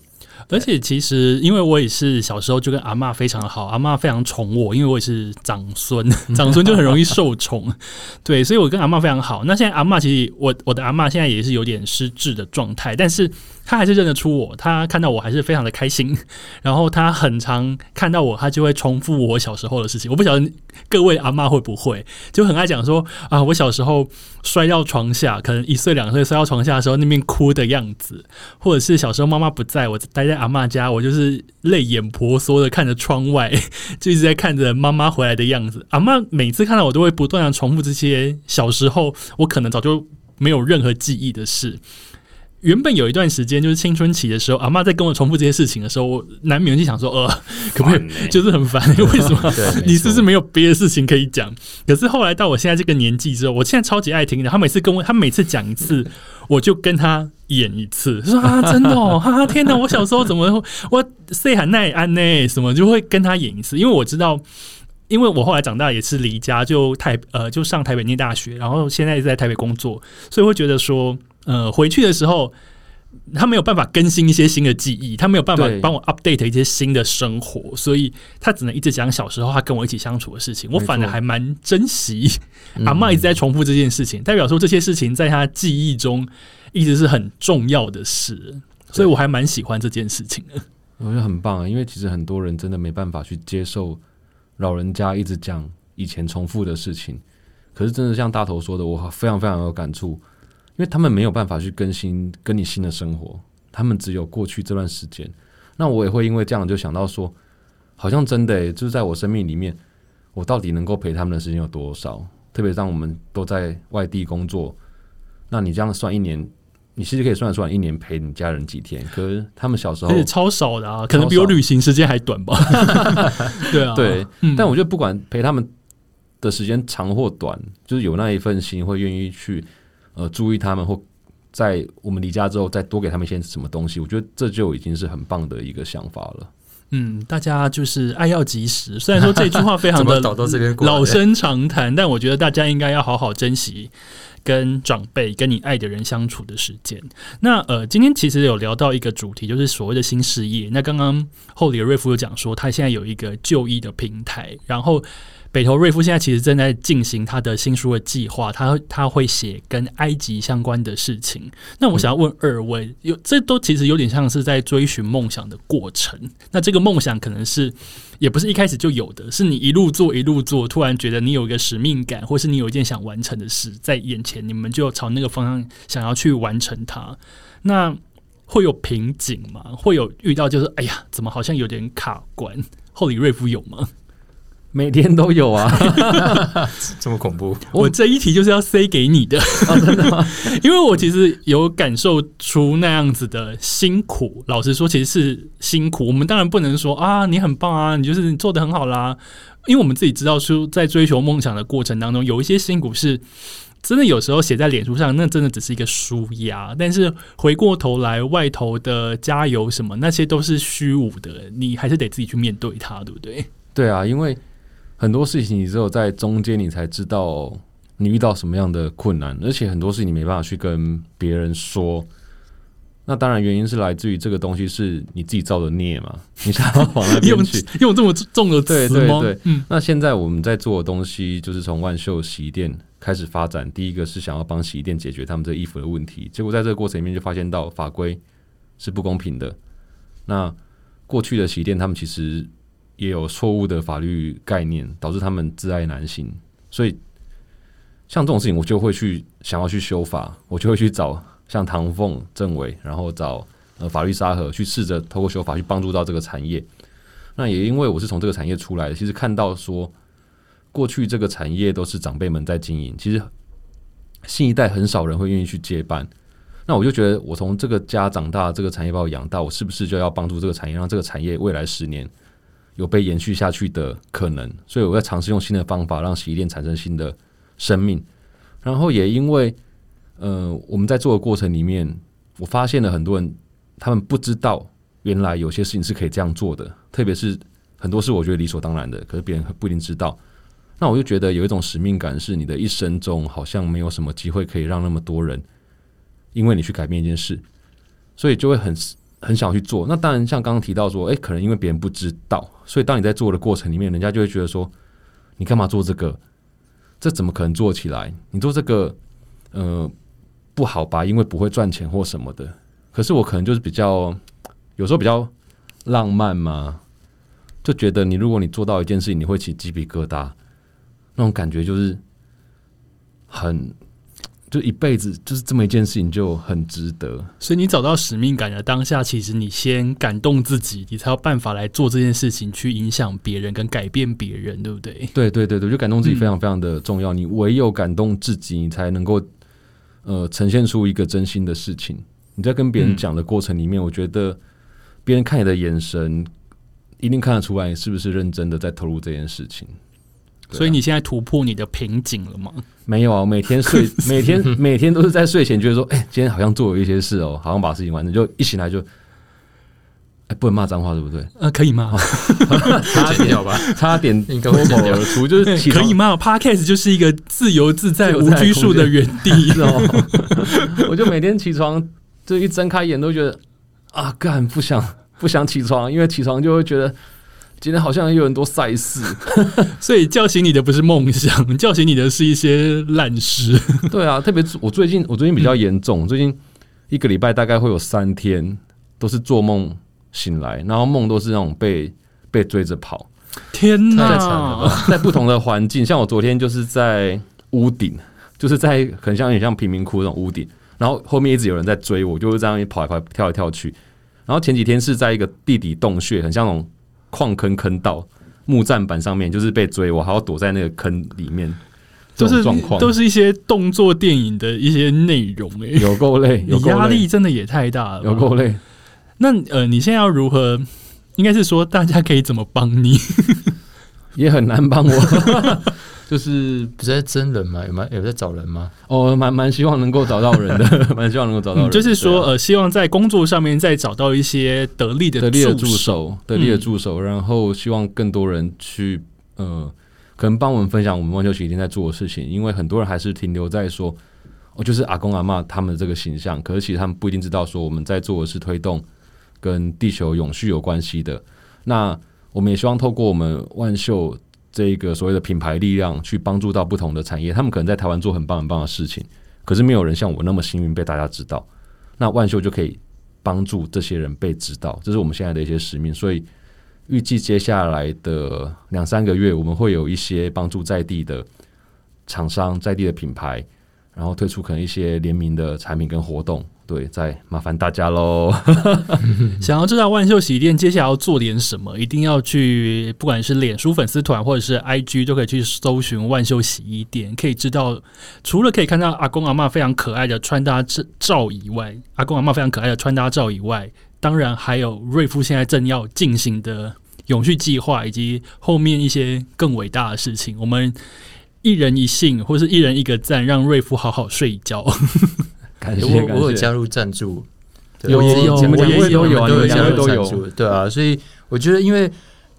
而且其實，因為我也是小時候就跟阿嬤非常好，阿嬤非常寵我，因為我也是長孫，長孫就很容易受寵， 對，所以我跟阿嬤非常好。那現在阿嬤其實我，我我的阿嬤現在也是有點失智的狀態，但是。他還是認得出我，他看到我還是非常的開心。然後他很常看到我，他就會重複我小時候的事情。我不曉得各位阿嬤會不會，就很愛講說啊，我小時候摔到床下，可能一歲兩歲摔到床下的時候，那邊哭的樣子，或者是小時候媽媽不在，我待在阿嬤家，我就是淚眼婆娑的看着窗外，就一直在看着媽媽回來的樣子。阿嬤每次看到我，都會不斷的重複這些小時候我可能早就沒有任何記憶的事。原本有一段時間，就是青春期的時候，阿嬤在跟我重複這些事情的時候，我難免就想說：“呃，可不可以？欸、就是很煩？因為，為什麼？你是不是沒有別的事情可以講？” 可是後來到我現在這個年紀之後，我現在超級愛聽的。他每次跟我，他每次講一次， 我就跟他演一次。他 說、啊：“真的、哦，哈、啊、哈，天哪！我小時候怎麼我歲寒耐安呢？什麼就會跟他演一次？因為我知道，因為我後來長大也是離家就台，呃就上台北念大學，然後現在在台北工作，所以我會覺得說。”呃，回去的時候，他沒有辦法更新一些新的記憶，他沒有辦法幫我 update 一些新的生活，對所以他只能一直講小時候他跟我一起相處的事情。我反而還蠻珍惜錯阿嬤一直在重複這件事情，嗯、代表說這些事情在他記憶中一直是很重要的事，對所以我還蠻喜歡這件事情的。我覺得很棒，啊，因為其實很多人真的沒辦法去接受老人家一直講以前重複的事情，可是真的像大頭說的，我非常非常有感觸。因為他們沒有辦法去更新跟你新的生活，他們只有過去這段時間。那我也會因為這樣就想到說，好像真的、欸、就是在我生命裡面，我到底能夠陪他們的時間有多少？特別像我們都在外地工作，那你這樣算一年，你其實可以算算一年陪你家人幾天？可是他們小時候超少的啊，少可能比我旅行時間還短吧？ 對啊，對。嗯、但我覺得不管陪他們的時間長或短，就是有那一份心，會願意去。呃，注意他們，或在我們離家之後，再多給他們一些什麼東西，我覺得這就已經是很棒的一個想法了。嗯，大家就是愛要及時，雖然說這句話非常的老生常談，但我覺得大家應該要好好珍惜跟長輩、跟你愛的人相處的時間。那呃，今天其實有聊到一個主題，就是所謂的新事業。那剛剛后里的瑞夫有講說，他現在有一個就醫的平台，然後。北投瑞夫現在其實正在進行他的新書的計劃，他他會寫跟埃及相關的事情。那我想要問二位，嗯、有這都其實有點像是在追尋夢想的過程。那這個夢想可能是也不是一開始就有的，是你一路做一路做，突然覺得你有一個使命感，或是你有一件想完成的事在眼前，你們就朝那個方向想要去完成它。那會有瓶頸嗎？會有遇到就是哎呀，怎麼好像有點卡關？後里瑞夫有嗎？每天都有啊， 這麼恐怖！我這一題就是要塞給你的。哦，真的 因為我其實有感受出那樣子的辛苦。老實說，其實是辛苦。我們當然不能說啊，你很棒啊，你就是你做得很好啦。因為我們自己知道，出在追求夢想的過程當中，有一些辛苦是真的，有時候寫在臉書上，那真的只是一個紓壓，但是回過頭來，外頭的加油什麼，那些都是虛無的，你還是得自己去面對它，對不對？對啊，因為。很多事情你只有在中間，你才知道你遇到什麼樣的困難，而且很多事情你沒辦法去跟別人說。那當然，原因是來自於這個東西是你自己造的孽嘛，你想要往那邊去 用，用這麼重的詞嗎？對對對。嗯。那現在我們在做的東西就是從萬秀洗衣店開始發展，第一個是想要幫洗衣店解決他們這衣服的問題，結果在這個過程裡面就發現到法規是不公平的。那過去的洗衣店他們其實。也有錯誤的法律概念，導致他們自愛難行。所以，像這種事情，我就會去想要去修法，我就會去找像唐鳳政委，然後找呃法律沙盒，去試着透過修法去幫助到這個產業。那也因為我是從這個產業出來的，其實看到說過去這個產業都是長輩們在經營，其實新一代很少人會願意去接班。那我就覺得，我從這個家長大，這個產業把我養大，我是不是就要幫助這個產業，讓這個產業未來十年，有被延續下去的可能，所以我在嘗試用新的方法讓洗衣店產生新的生命。然後也因為，呃，我們在做的過程裡面，我發現了很多人，他們不知道原來有些事情是可以這樣做的。特別是很多事，我覺得理所當然的，可是別人不一定知道。那我就覺得有一種使命感，是你的一生中好像沒有什麼機會可以讓那麼多人因為你去改變一件事，所以就會很。很想去做，那當然，像剛剛提到說，哎、欸，可能因為別人不知道，所以當你在做的過程裡面，人家就會覺得說，你幹嘛做這個？這怎麼可能做起來？你做這個，呃，不好吧？因為不會賺錢或什麼的。可是我可能就是比較，有時候比較浪漫嘛，就覺得你如果你做到一件事情，你會起雞皮疙瘩，那種感覺就是很。就一輩子就是這麼一件事情就很值得，所以你找到使命感的當下，其實你先感動自己，你才有辦法來做這件事情，去影響別人跟改變別人，對不對？對對對對，我覺得感動自己非常非常的重要，嗯、你唯有感動自己，你才能夠呃呈現出一個真心的事情。你在跟別人講的過程裡面，嗯、我覺得別人看你的眼神一定看得出來，你是不是認真的在投入這件事情。所以你現在突破你的瓶頸了嗎？啊、沒有啊，我每天睡，每天每天都是在睡前覺得說，哎、欸，今天好像做了一些事哦、喔，好像把事情完成，就一醒來就，哎、欸，不能罵髒話，對不對？呃，可以罵哦。 差點好吧， 差點， 差點你跟我跑題就是起可以罵哦。Podcast 就是一個自由自在、自由自在無拘束的原地哦、喔， 我就每天起床就一睜開一眼都覺得啊，幹不想不想起床，因為起床就會覺得。今天好像有很多賽事， 所以叫醒你的不是夢想，叫醒你的是一些爛事。對啊，特別我最近，我最近比較嚴重，嗯、最近一個禮拜大概會有三天都是做夢醒來，然後夢都是那種被被追着跑，天哪， 在不同的環境，像我昨天就是在屋頂，就是在很像很像貧民窟那種屋頂，然後後面一直有人在追我，就是這樣一跑一跑來跳來跳去，然後前幾天是在一個地底洞穴，很像那種。礦坑坑道木棧板上面，就是被追，我還要躲在那個坑裡面，都、就是狀況，都是一些動作電影的一些內容誒、欸，有夠累，有夠累，壓力真的也太大了，有夠累。那呃，你現在要如何？應該是說，大家可以怎麼幫你？ 也很難幫我。 就是不是在真人嘛，有蠻有在找人嗎？哦，蠻蠻希望能夠找到人的，蠻 希望能夠找到人的， 嗯。就是說，呃、啊，希望在工作上面再找到一些得力的得力的助手，得力的、嗯、的助手。然後希望更多人去，呃，可能幫我們分享我們萬秀已經在做的事情。因為很多人還是停留在說，哦，就是阿公阿嬤他們的這個形象。可是其實他們不一定知道，說我們在做的是推動跟地球永續有關係的。那我們也希望透過我們萬秀。這個所謂的品牌力量去幫助到不同的產業，他們可能在台灣做很棒很棒的事情，可是沒有人像我那麼幸運被大家知道。那萬秀就可以幫助這些人被知道，這是我們現在的一些使命。所以預計接下來的兩三個月，我們會有一些幫助在地的廠商、在地的品牌，然後推出可能一些聯名的產品跟活動。對，再麻煩大家嘍！ 想要知道萬秀洗衣店接下來要做點什麼，一定要去，不管是臉書粉絲團或者是 IG，都可以去搜尋萬秀洗衣店，可以知道除了可以看到阿公阿嬤非常可愛的穿搭照以外，阿公阿嬤非常可愛的穿搭照以外，當然還有瑞夫現在正要進行的永續計劃，以及後面一些更偉大的事情。我們一人一信，或者是一人一個讚，讓瑞夫好好睡一覺。 我我有加入贊助，有有我也有有，有加入贊助，都有，對啊，所以我覺得，因為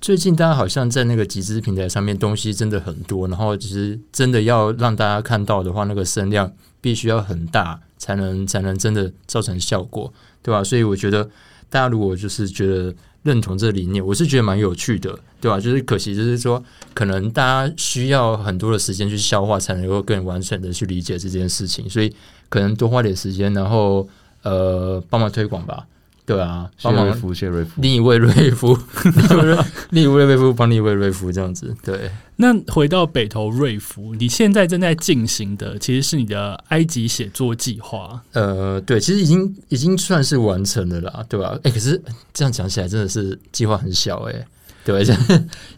最近大家好像在那個集資平台上面東西真的很多，然後其實真的要讓大家看到的話，那個聲量必須要很大，才能才能真的造成效果，對吧？所以我覺得，大家如果就是覺得認同這個理念，我是覺得蠻有趣的，對吧？就是可惜，就是說可能大家需要很多的時間去消化，才能夠更完全的去理解這件事情，所以。可能多花點時間，然後呃，幫忙推廣吧。對啊，幫忙扶一位瑞夫，瑞夫，另一位瑞夫， 另一位瑞夫，幫另一位瑞夫這樣子。對，那回到北投瑞夫，你現在正在進行的其實是你的埃及寫作計劃。呃，對，其實已經已經算是完成了啦，對吧、啊？哎、欸，可是這樣講起來真的是計劃很小哎、欸。對，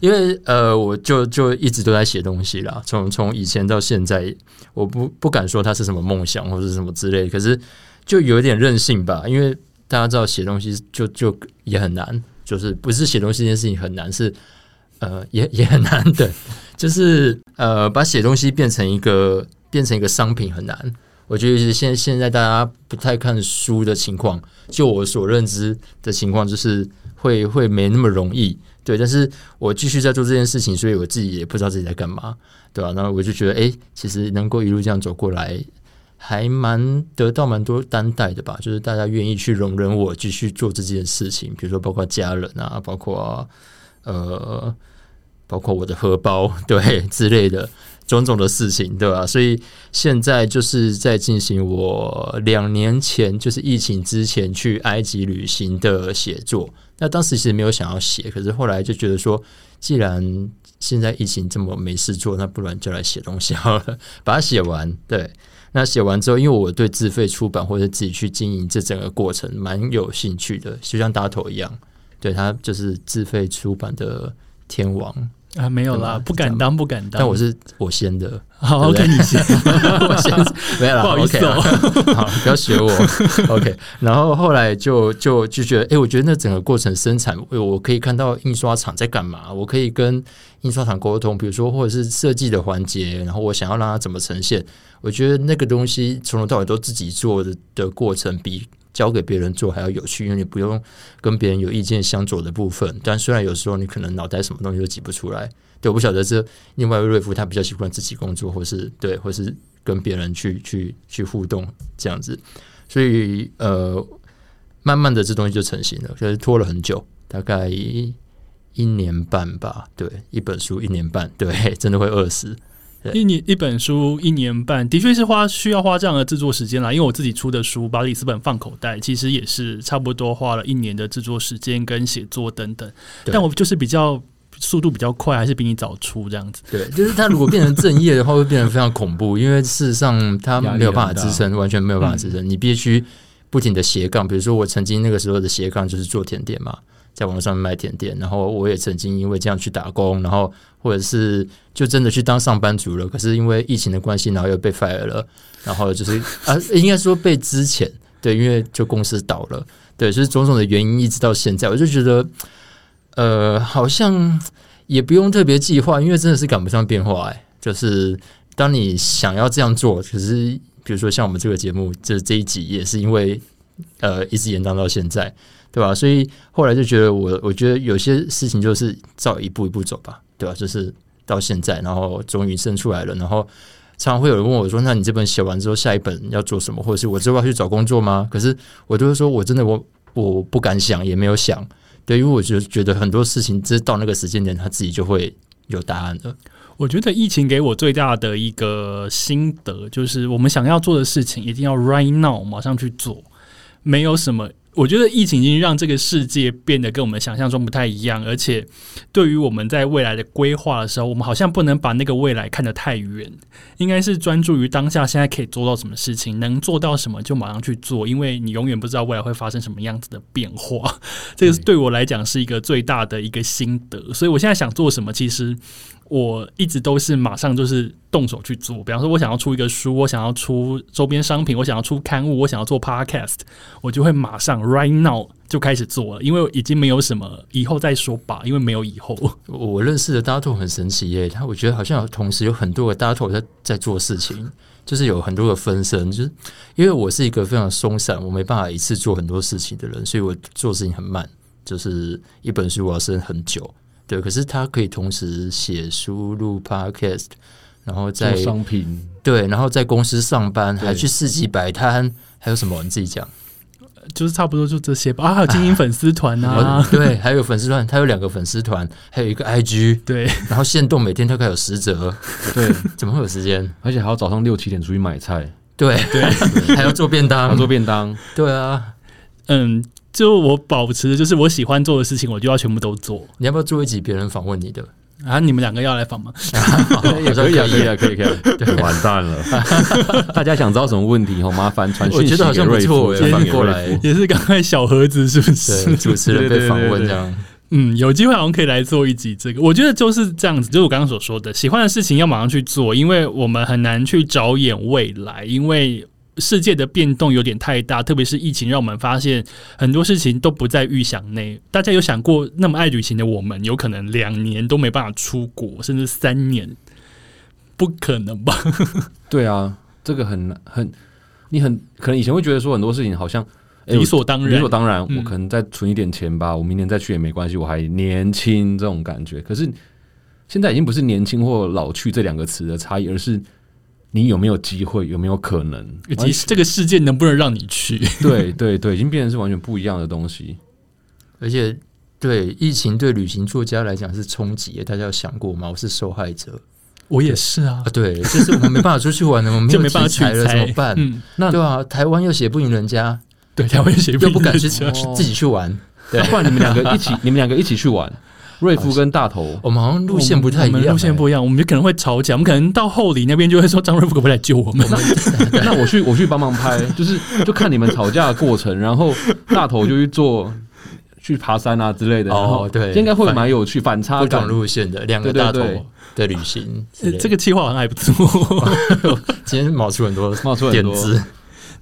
因為呃，我就就一直都在寫東西啦，從從以前到現在，我不不敢說它是什麼夢想或是什麼之類的，可是就有點任性吧。因為大家知道寫東西就就也很難，就是不是寫東西這件事情很難，是呃也也很難的，就是呃把寫東西變成一個變成一個商品很難。我覺得現在現在大家不太看書的情況，就我所認知的情況，就是會會沒那麼容易。對，但是我繼續在做這件事情，所以我自己也不知道自己在幹嘛，對吧、啊。然後我就覺得，哎，其實能夠一路這樣走過來，還蠻得到蠻多擔待的吧，就是大家願意去容忍我繼續做這件事情，比如說包括家人啊，包括、啊、呃，包括我的荷包，對，之類的。種種的事情，對吧、啊？所以現在就是在進行我兩年前，就是疫情之前去埃及旅行的寫作。那當時其實沒有想要寫，可是後來就覺得說，既然現在疫情這麼沒事做，那不然就來寫東西好了，把它寫完。對，那寫完之後，因為我對自費出版或者自己去經營這整個過程蠻有興趣的，就像大頭一樣，對他就是自費出版的天王。啊，沒有啦，嗎不敢當，不敢當。但我是我先的，好，我跟吧你先，我先，沒有了啦，不好意思，喔 OK 啦，好，不要學我 ，OK。然後後來就就就覺得，哎、欸，我覺得那整個過程生產，我我可以看到印刷廠在幹嘛，我可以跟印刷廠溝通，比如說或者是設計的環節，然後我想要讓它怎麼呈現，我覺得那個東西從頭到尾都自己做的的過程比。交給別人做還要有趣，因為你不用跟別人有意見相左的部分。但雖然有時候你可能腦袋什麼東西都擠不出來，對，我不曉得這。另外瑞夫他比較喜歡自己工作，或是對，或是跟別人去去去互動這樣子。所以呃，慢慢的這東西就成型了，所以拖了很久，大概一一年半吧。對，一本書一年半，對，真的會餓死。對一年一本書，一年半的確是花需要花這樣的制作時間啦。因為我自己出的書，把里斯本放口袋，其實也是差不多花了一年的制作時間跟寫作等等。對但我就是比較速度比較快，還是比你早出這樣子。對，就是它如果變成正業的話，會變得非常恐怖， 因為事實上它沒有辦法支撐，完全沒有辦法支撐。你必須不停的斜槓，比如說我曾經那個時候的斜槓就是做甜點嘛。在網絡上賣甜點，然後我也曾經因為這樣去打工，然後或者是就真的去當上班族了。可是因為疫情的關係，然後又被 fire 了，然後就是啊，應該說被之前對，因為就公司倒了，對，就是種種的原因，一直到現在，我就覺得，呃，好像也不用特別計劃，因為真的是趕不上變化、欸。哎，就是當你想要這樣做，可是比如說像我們這個節目，就是這一集也是因為呃一直延宕到現在。對吧？所以後來就覺得我，我我覺得有些事情就是照一步一步走吧，對吧？就是到現在，然後終於生出來了。然後常常會有人問我說：“那你這本寫完之後，下一本要做什麼？或者是我之後要去找工作嗎？”可是我都是說：“我真的我，我我不敢想，也沒有想。”對，因為我就覺得很多事情，直到那個時間點，他自己就會有答案了。我覺得疫情給我最大的一個心得就是，我們想要做的事情一定要 right now，馬上去做，沒有什麼。我覺得疫情已經讓這個世界變得跟我們想象中不太一樣，而且對於我們在未來的規劃的時候，我們好像不能把那個未來看得太遠，應該是專注於當下，現在可以做到什麼事情，能做到什麼就馬上去做，因為你永遠不知道未來會發生什麼樣子的變化。這個對我來講是一個最大的一個心得，所以我現在想做什麼，其實。我一直都是馬上就是動手去做，比方說我想要出一個書，我想要出周邊商品，我想要出刊物，我想要做 podcast，我就會馬上 right now 就開始做了，因為已經沒有什麼以後再說吧，因為沒有以後。我認識的 Dato 很神奇耶、欸，他我覺得好像同時有很多個 Dato 在在做事情，就是有很多個分身。就是因為我是一個非常鬆散，我沒辦法一次做很多事情的人，所以我做事情很慢，就是一本書我要生很久。對，可是他可以同時寫書、錄 podcast，然後在商品對，然後在公司上班，對還去市集擺攤，還有什麼？你自己講，就是差不多就這些吧。啊、還有精英粉絲團啊，啊，對，還有粉絲團，他 有兩個粉絲團，還有一個 IG，對。然後限動每天大概有十折，對，怎麼會有時間？而且還要早上六七點出去買菜，對對，對啊、 還要做便當，做便當，對啊，嗯。就我保持，就是我喜歡做的事情，我就要全部都做。你要不要做一集別人訪問你的？啊，你們兩個要來訪嗎？可以啊，可以，可以啊，可以對，可以。完蛋了！ 大家想知道什麼問題？好麻煩傳訊息給瑞夫，傳是過來。也是剛才小盒子是不是？主持人被訪問這樣。對對對對，嗯，有機會好像可以來做一集這個。我覺得就是這樣子，就是我剛剛所說的，喜歡的事情要馬上去做，因為我們很難去着眼未來，因為。世界的變動有點太大，特別是疫情，讓我們發現很多事情都不在預想內。大家有想過，那麼愛旅行的我們，有可能兩年都沒辦法出國，甚至三年？不可能吧？ 對啊，這個很難，很你很可能以前會覺得說很多事情好像，欸，理所當然，理所當然，嗯，我可能再存一點錢吧，我明年再去也沒關係，我還年輕，這種感覺。可是現在已經不是年輕或老去這兩個詞的差異，而是。你有沒有機會？有沒有可能？這個世界能不能讓你去？ 對對對，已經變成是完全不一樣的東西。而且，對疫情對旅行作家來講是衝擊，大家有想過嗎？我是受害者，我也是啊。對，就是我們沒辦法出去玩了， 我們沒有題材了，就沒辦法去了，怎麼辦？嗯，那對啊，台灣又寫不贏人家，對，台灣寫又不敢去自己去玩，對，不然你們兩個一起， 你們兩個一起去玩。瑞夫跟大頭，我們好像路線不太一樣。路線不一樣，我們可能會吵架。我們可能到后里那邊就會說：“張瑞夫可不可以來救我們？”那我去，我去幫忙拍，就是就看你們吵架的過程。然後大頭就去做去爬山啊之類的。哦，對，應該會蠻有趣，反差感路線的兩個大頭的旅行，這個計劃好像還不錯。今天冒出很多，冒出很多點子。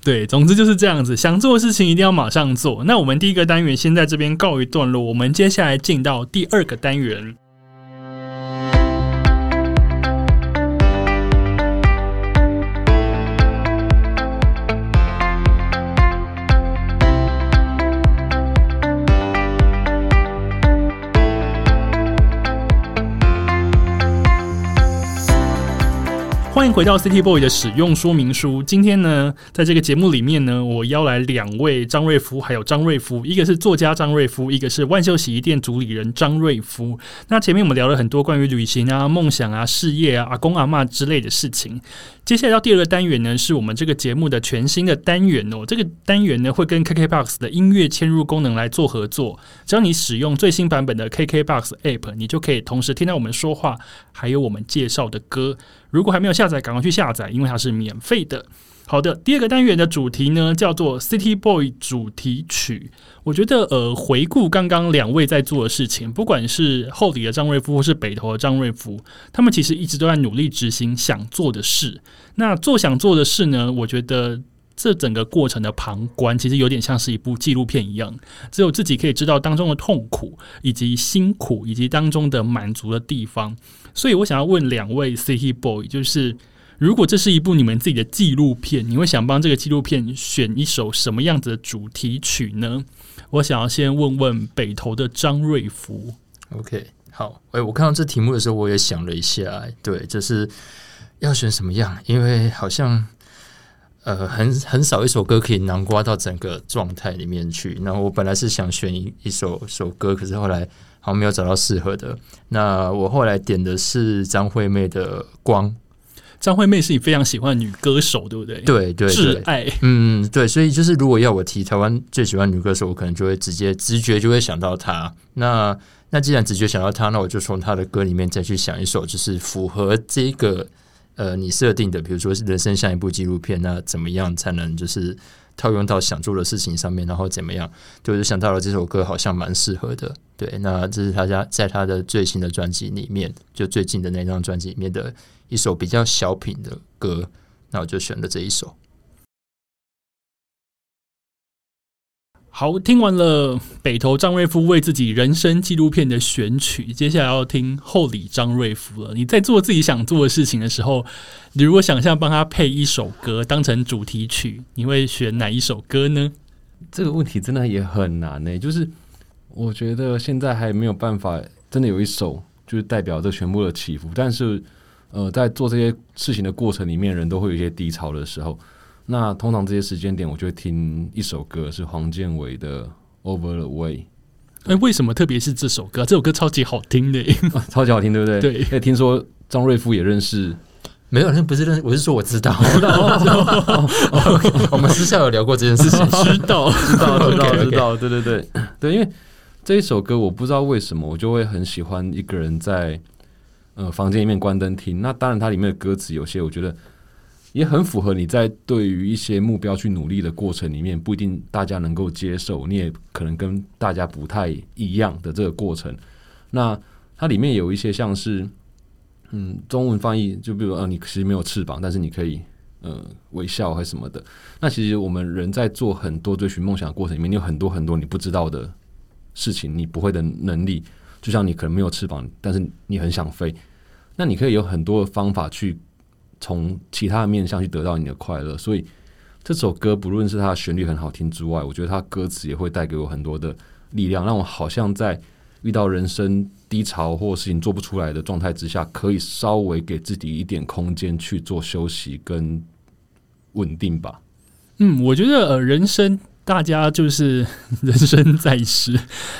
對，總之就是這樣子，想做的事情一定要馬上做。那我們第一個單元先在這邊告一段落，我們接下來進到第二個單元。回到 City Boy 的使用說明書。今天呢，在這個節目裡面呢，我邀來兩位張瑞夫，還有張瑞夫，一個是作家張瑞夫，一個是萬秀洗衣店主理人張瑞夫。那前面我們聊了很多關於旅行啊、夢想啊、事業啊、阿公阿嬤之類的事情。接下來到第二個單元呢，是我們這個節目的全新的單元哦。這個單元呢，會跟 KKBOX 的音樂嵌入功能來做合作。只要你使用最新版本的 KKBOX App，你就可以同時聽到我們說話，還有我們介紹的歌。如果還沒有下載，趕快去下載，因為它是免費的。好的，第二個單元的主題呢，叫做《City Boy》主題曲。我覺得，呃，回顧剛剛兩位在做的事情，不管是後里的張瑞夫，或是北投的張瑞夫，他們其實一直都在努力執行想做的事。那做想做的事呢？我覺得。這整個過程的旁觀，其實有點像是一部紀錄片一樣，只有自己可以知道當中的痛苦，以及辛苦，以及當中的滿足的地方。所以我想要問兩位 City Boy，就是如果這是一部你們自己的紀錄片，你會想幫這個紀錄片選一首什麼樣子的主題曲呢？我想要先問問北投的張瑞夫。OK，好，誒、欸，我看到這題目的時候，我也想了一下，對，就是要選什麼樣？因為好像。呃，很很少一首歌可以囊括到整個狀態裡面去。然後我本來是想選一,一首首歌，可是後來好像沒有找到適合的。那我後來點的是張惠妹的《光》。張惠妹是你非常喜歡的女歌手，對不對？對，對對，摯愛。嗯，對。所以就是，如果要我提台灣最喜歡女歌手，我可能就會直接直覺就會想到她。那那既然直覺想到她，那我就從她的歌裡面再去想一首，就是符合這個。呃，你設定的，比如說人生像一部紀錄片，那怎麼樣才能就是套用到想做的事情上面？然後怎麼樣，對，我就是想到了這首歌好像蠻適合的。對，那這是他家在他的最新的專輯裡面，就最近的那張專輯裡面的一首比較小品的歌，那我就選了這一首。好，聽完了北投張瑞夫為自己人生紀錄片的選曲，接下來要聽后里張瑞夫了。你在做自己想做的事情的時候，你如果想象幫他配一首歌當成主題曲，你會選哪一首歌呢？這個問題真的也很難呢、欸，就是我覺得現在還沒有辦法，真的有一首就是代表這全部的起伏。但是，呃，在做這些事情的過程裡面，人都會有一些低潮的時候。那通常這些時間點，我就會聽一首歌，是黃建偉的《Over the Way》。哎，為什麼？特別是這首歌，這首歌超級好聽的，超級好聽，對不對？對。因為聽說張瑞夫也認識？沒有，人不是認識，我是說我知道。我們私下有聊過這件事情，知道，知道，知道，知道。對，對，對，對。因為這一首歌，我不知道為什麼，我就會很喜歡一個人在呃房間裡面關燈聽。那當然，它裡面的歌詞有些，我覺得。也很符合你在對於一些目標去努力的過程裡面，不一定大家能夠接受，你也可能跟大家不太一樣的這個過程。那它裡面有一些像是，嗯，中文翻譯就比如啊，你其實沒有翅膀，但是你可以呃微笑還什麼的。那其實我們人在做很多追尋夢想的過程裡面，你有很多很多你不知道的事情，你不會的能力，就像你可能沒有翅膀，但是你很想飛，那你可以有很多的方法去。從其他的面向去得到你的快樂，所以這首歌不論是它的旋律很好聽之外，我覺得它歌詞也會帶給我很多的力量，讓我好像在遇到人生低潮或事情做不出來的狀態之下，可以稍微給自己一點空間去做休息跟穩定吧。嗯，我覺得呃，人生大家就是人生在世，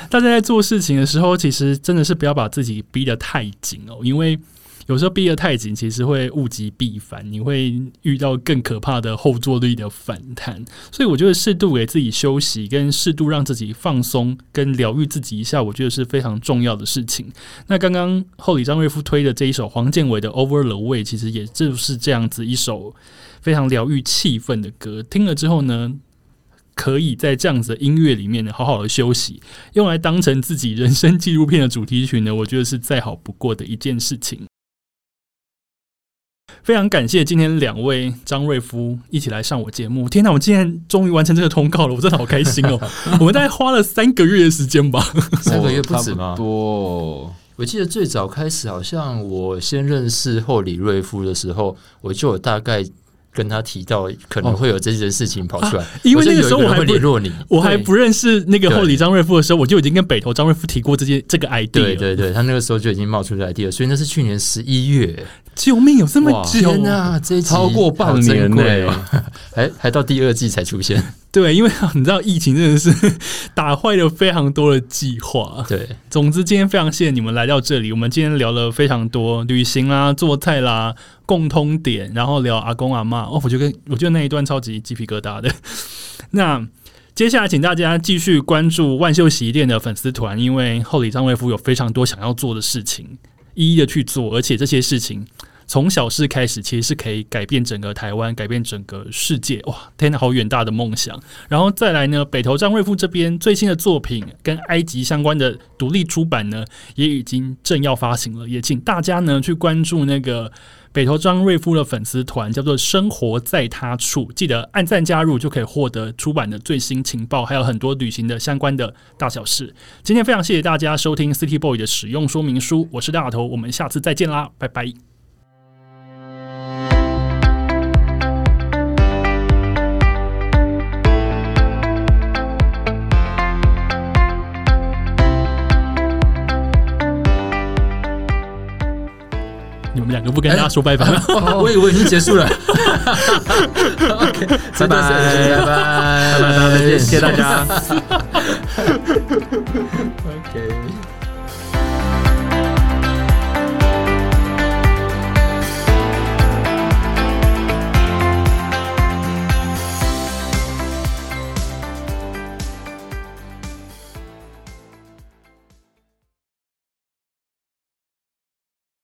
大家在做事情的時候，其實真的是不要把自己逼得太緊哦，因為。有時候逼得太緊，其實會物極必反，你會遇到更可怕的後坐力的反彈。所以我覺得適度給自己休息，跟適度讓自己放鬆，跟療癒自己一下，我覺得是非常重要的事情。那剛剛厚禮張瑞夫推的這一首黃建偉的《Over the Way》，其實也就是這樣子一首非常療癒氣氛的歌。聽了之後呢，可以在這樣子的音樂裡面呢好好的休息，用來當成自己人生紀錄片的主題曲呢，我覺得是再好不過的一件事情。非常感謝今天兩位張瑞夫一起來上我節目，天吶，我今天終於完成這個通告了，我真的好開心哦、喔！我們大概花了三個月的時間吧， 三個月不止嗎？多，我記得最早開始好像我先認識後李瑞夫的時候，我就有大概。跟他提到可能會有這件事情跑出來，啊、因為那個時候我還聯絡你，我還，對我還不認識那個后里張瑞夫的時候，我就已經跟北投張瑞夫提過這件這個 idea，對對對，他那個時候就已經冒出 idea 了，所以那是去年十一月。救命，有這麼久、啊、這一、哦、超過半年內、欸、還還到第二季才出現。對，因為你知道疫情真的是打壞了非常多的計劃。對，總之今天非常謝謝你們來到這裡，我們今天聊了非常多旅行啦、啊、做菜啦、啊。共通點，然後聊阿公阿媽，哦、oh，我就跟我覺得那一段超級雞皮疙瘩的。 那接下來，請大家繼續關注萬秀洗衣店的粉絲團，因為後里張瑞夫有非常多想要做的事情，一一的去做，而且這些事情從小事開始，其實是可以改變整個台灣，改變整個世界。哇，天哪，好遠大的夢想！然後再來呢，北投張瑞夫這邊最新的作品跟埃及相關的獨立出版呢，也已經正要發行了，也請大家呢去關注那個。北投張瑞夫的粉絲團叫做“生活在他處”，記得按贊加入，就可以獲得出版的最新情報，還有很多旅行的相關的大小事。今天非常謝謝大家收聽《City Boy》的使用說明書，我是大頭，我們下次再見啦，拜拜。我們兩個不跟大家說、欸、拜拜了、哦，我以為已經結束了。 OK，拜拜拜拜拜拜，謝謝大家。 OK。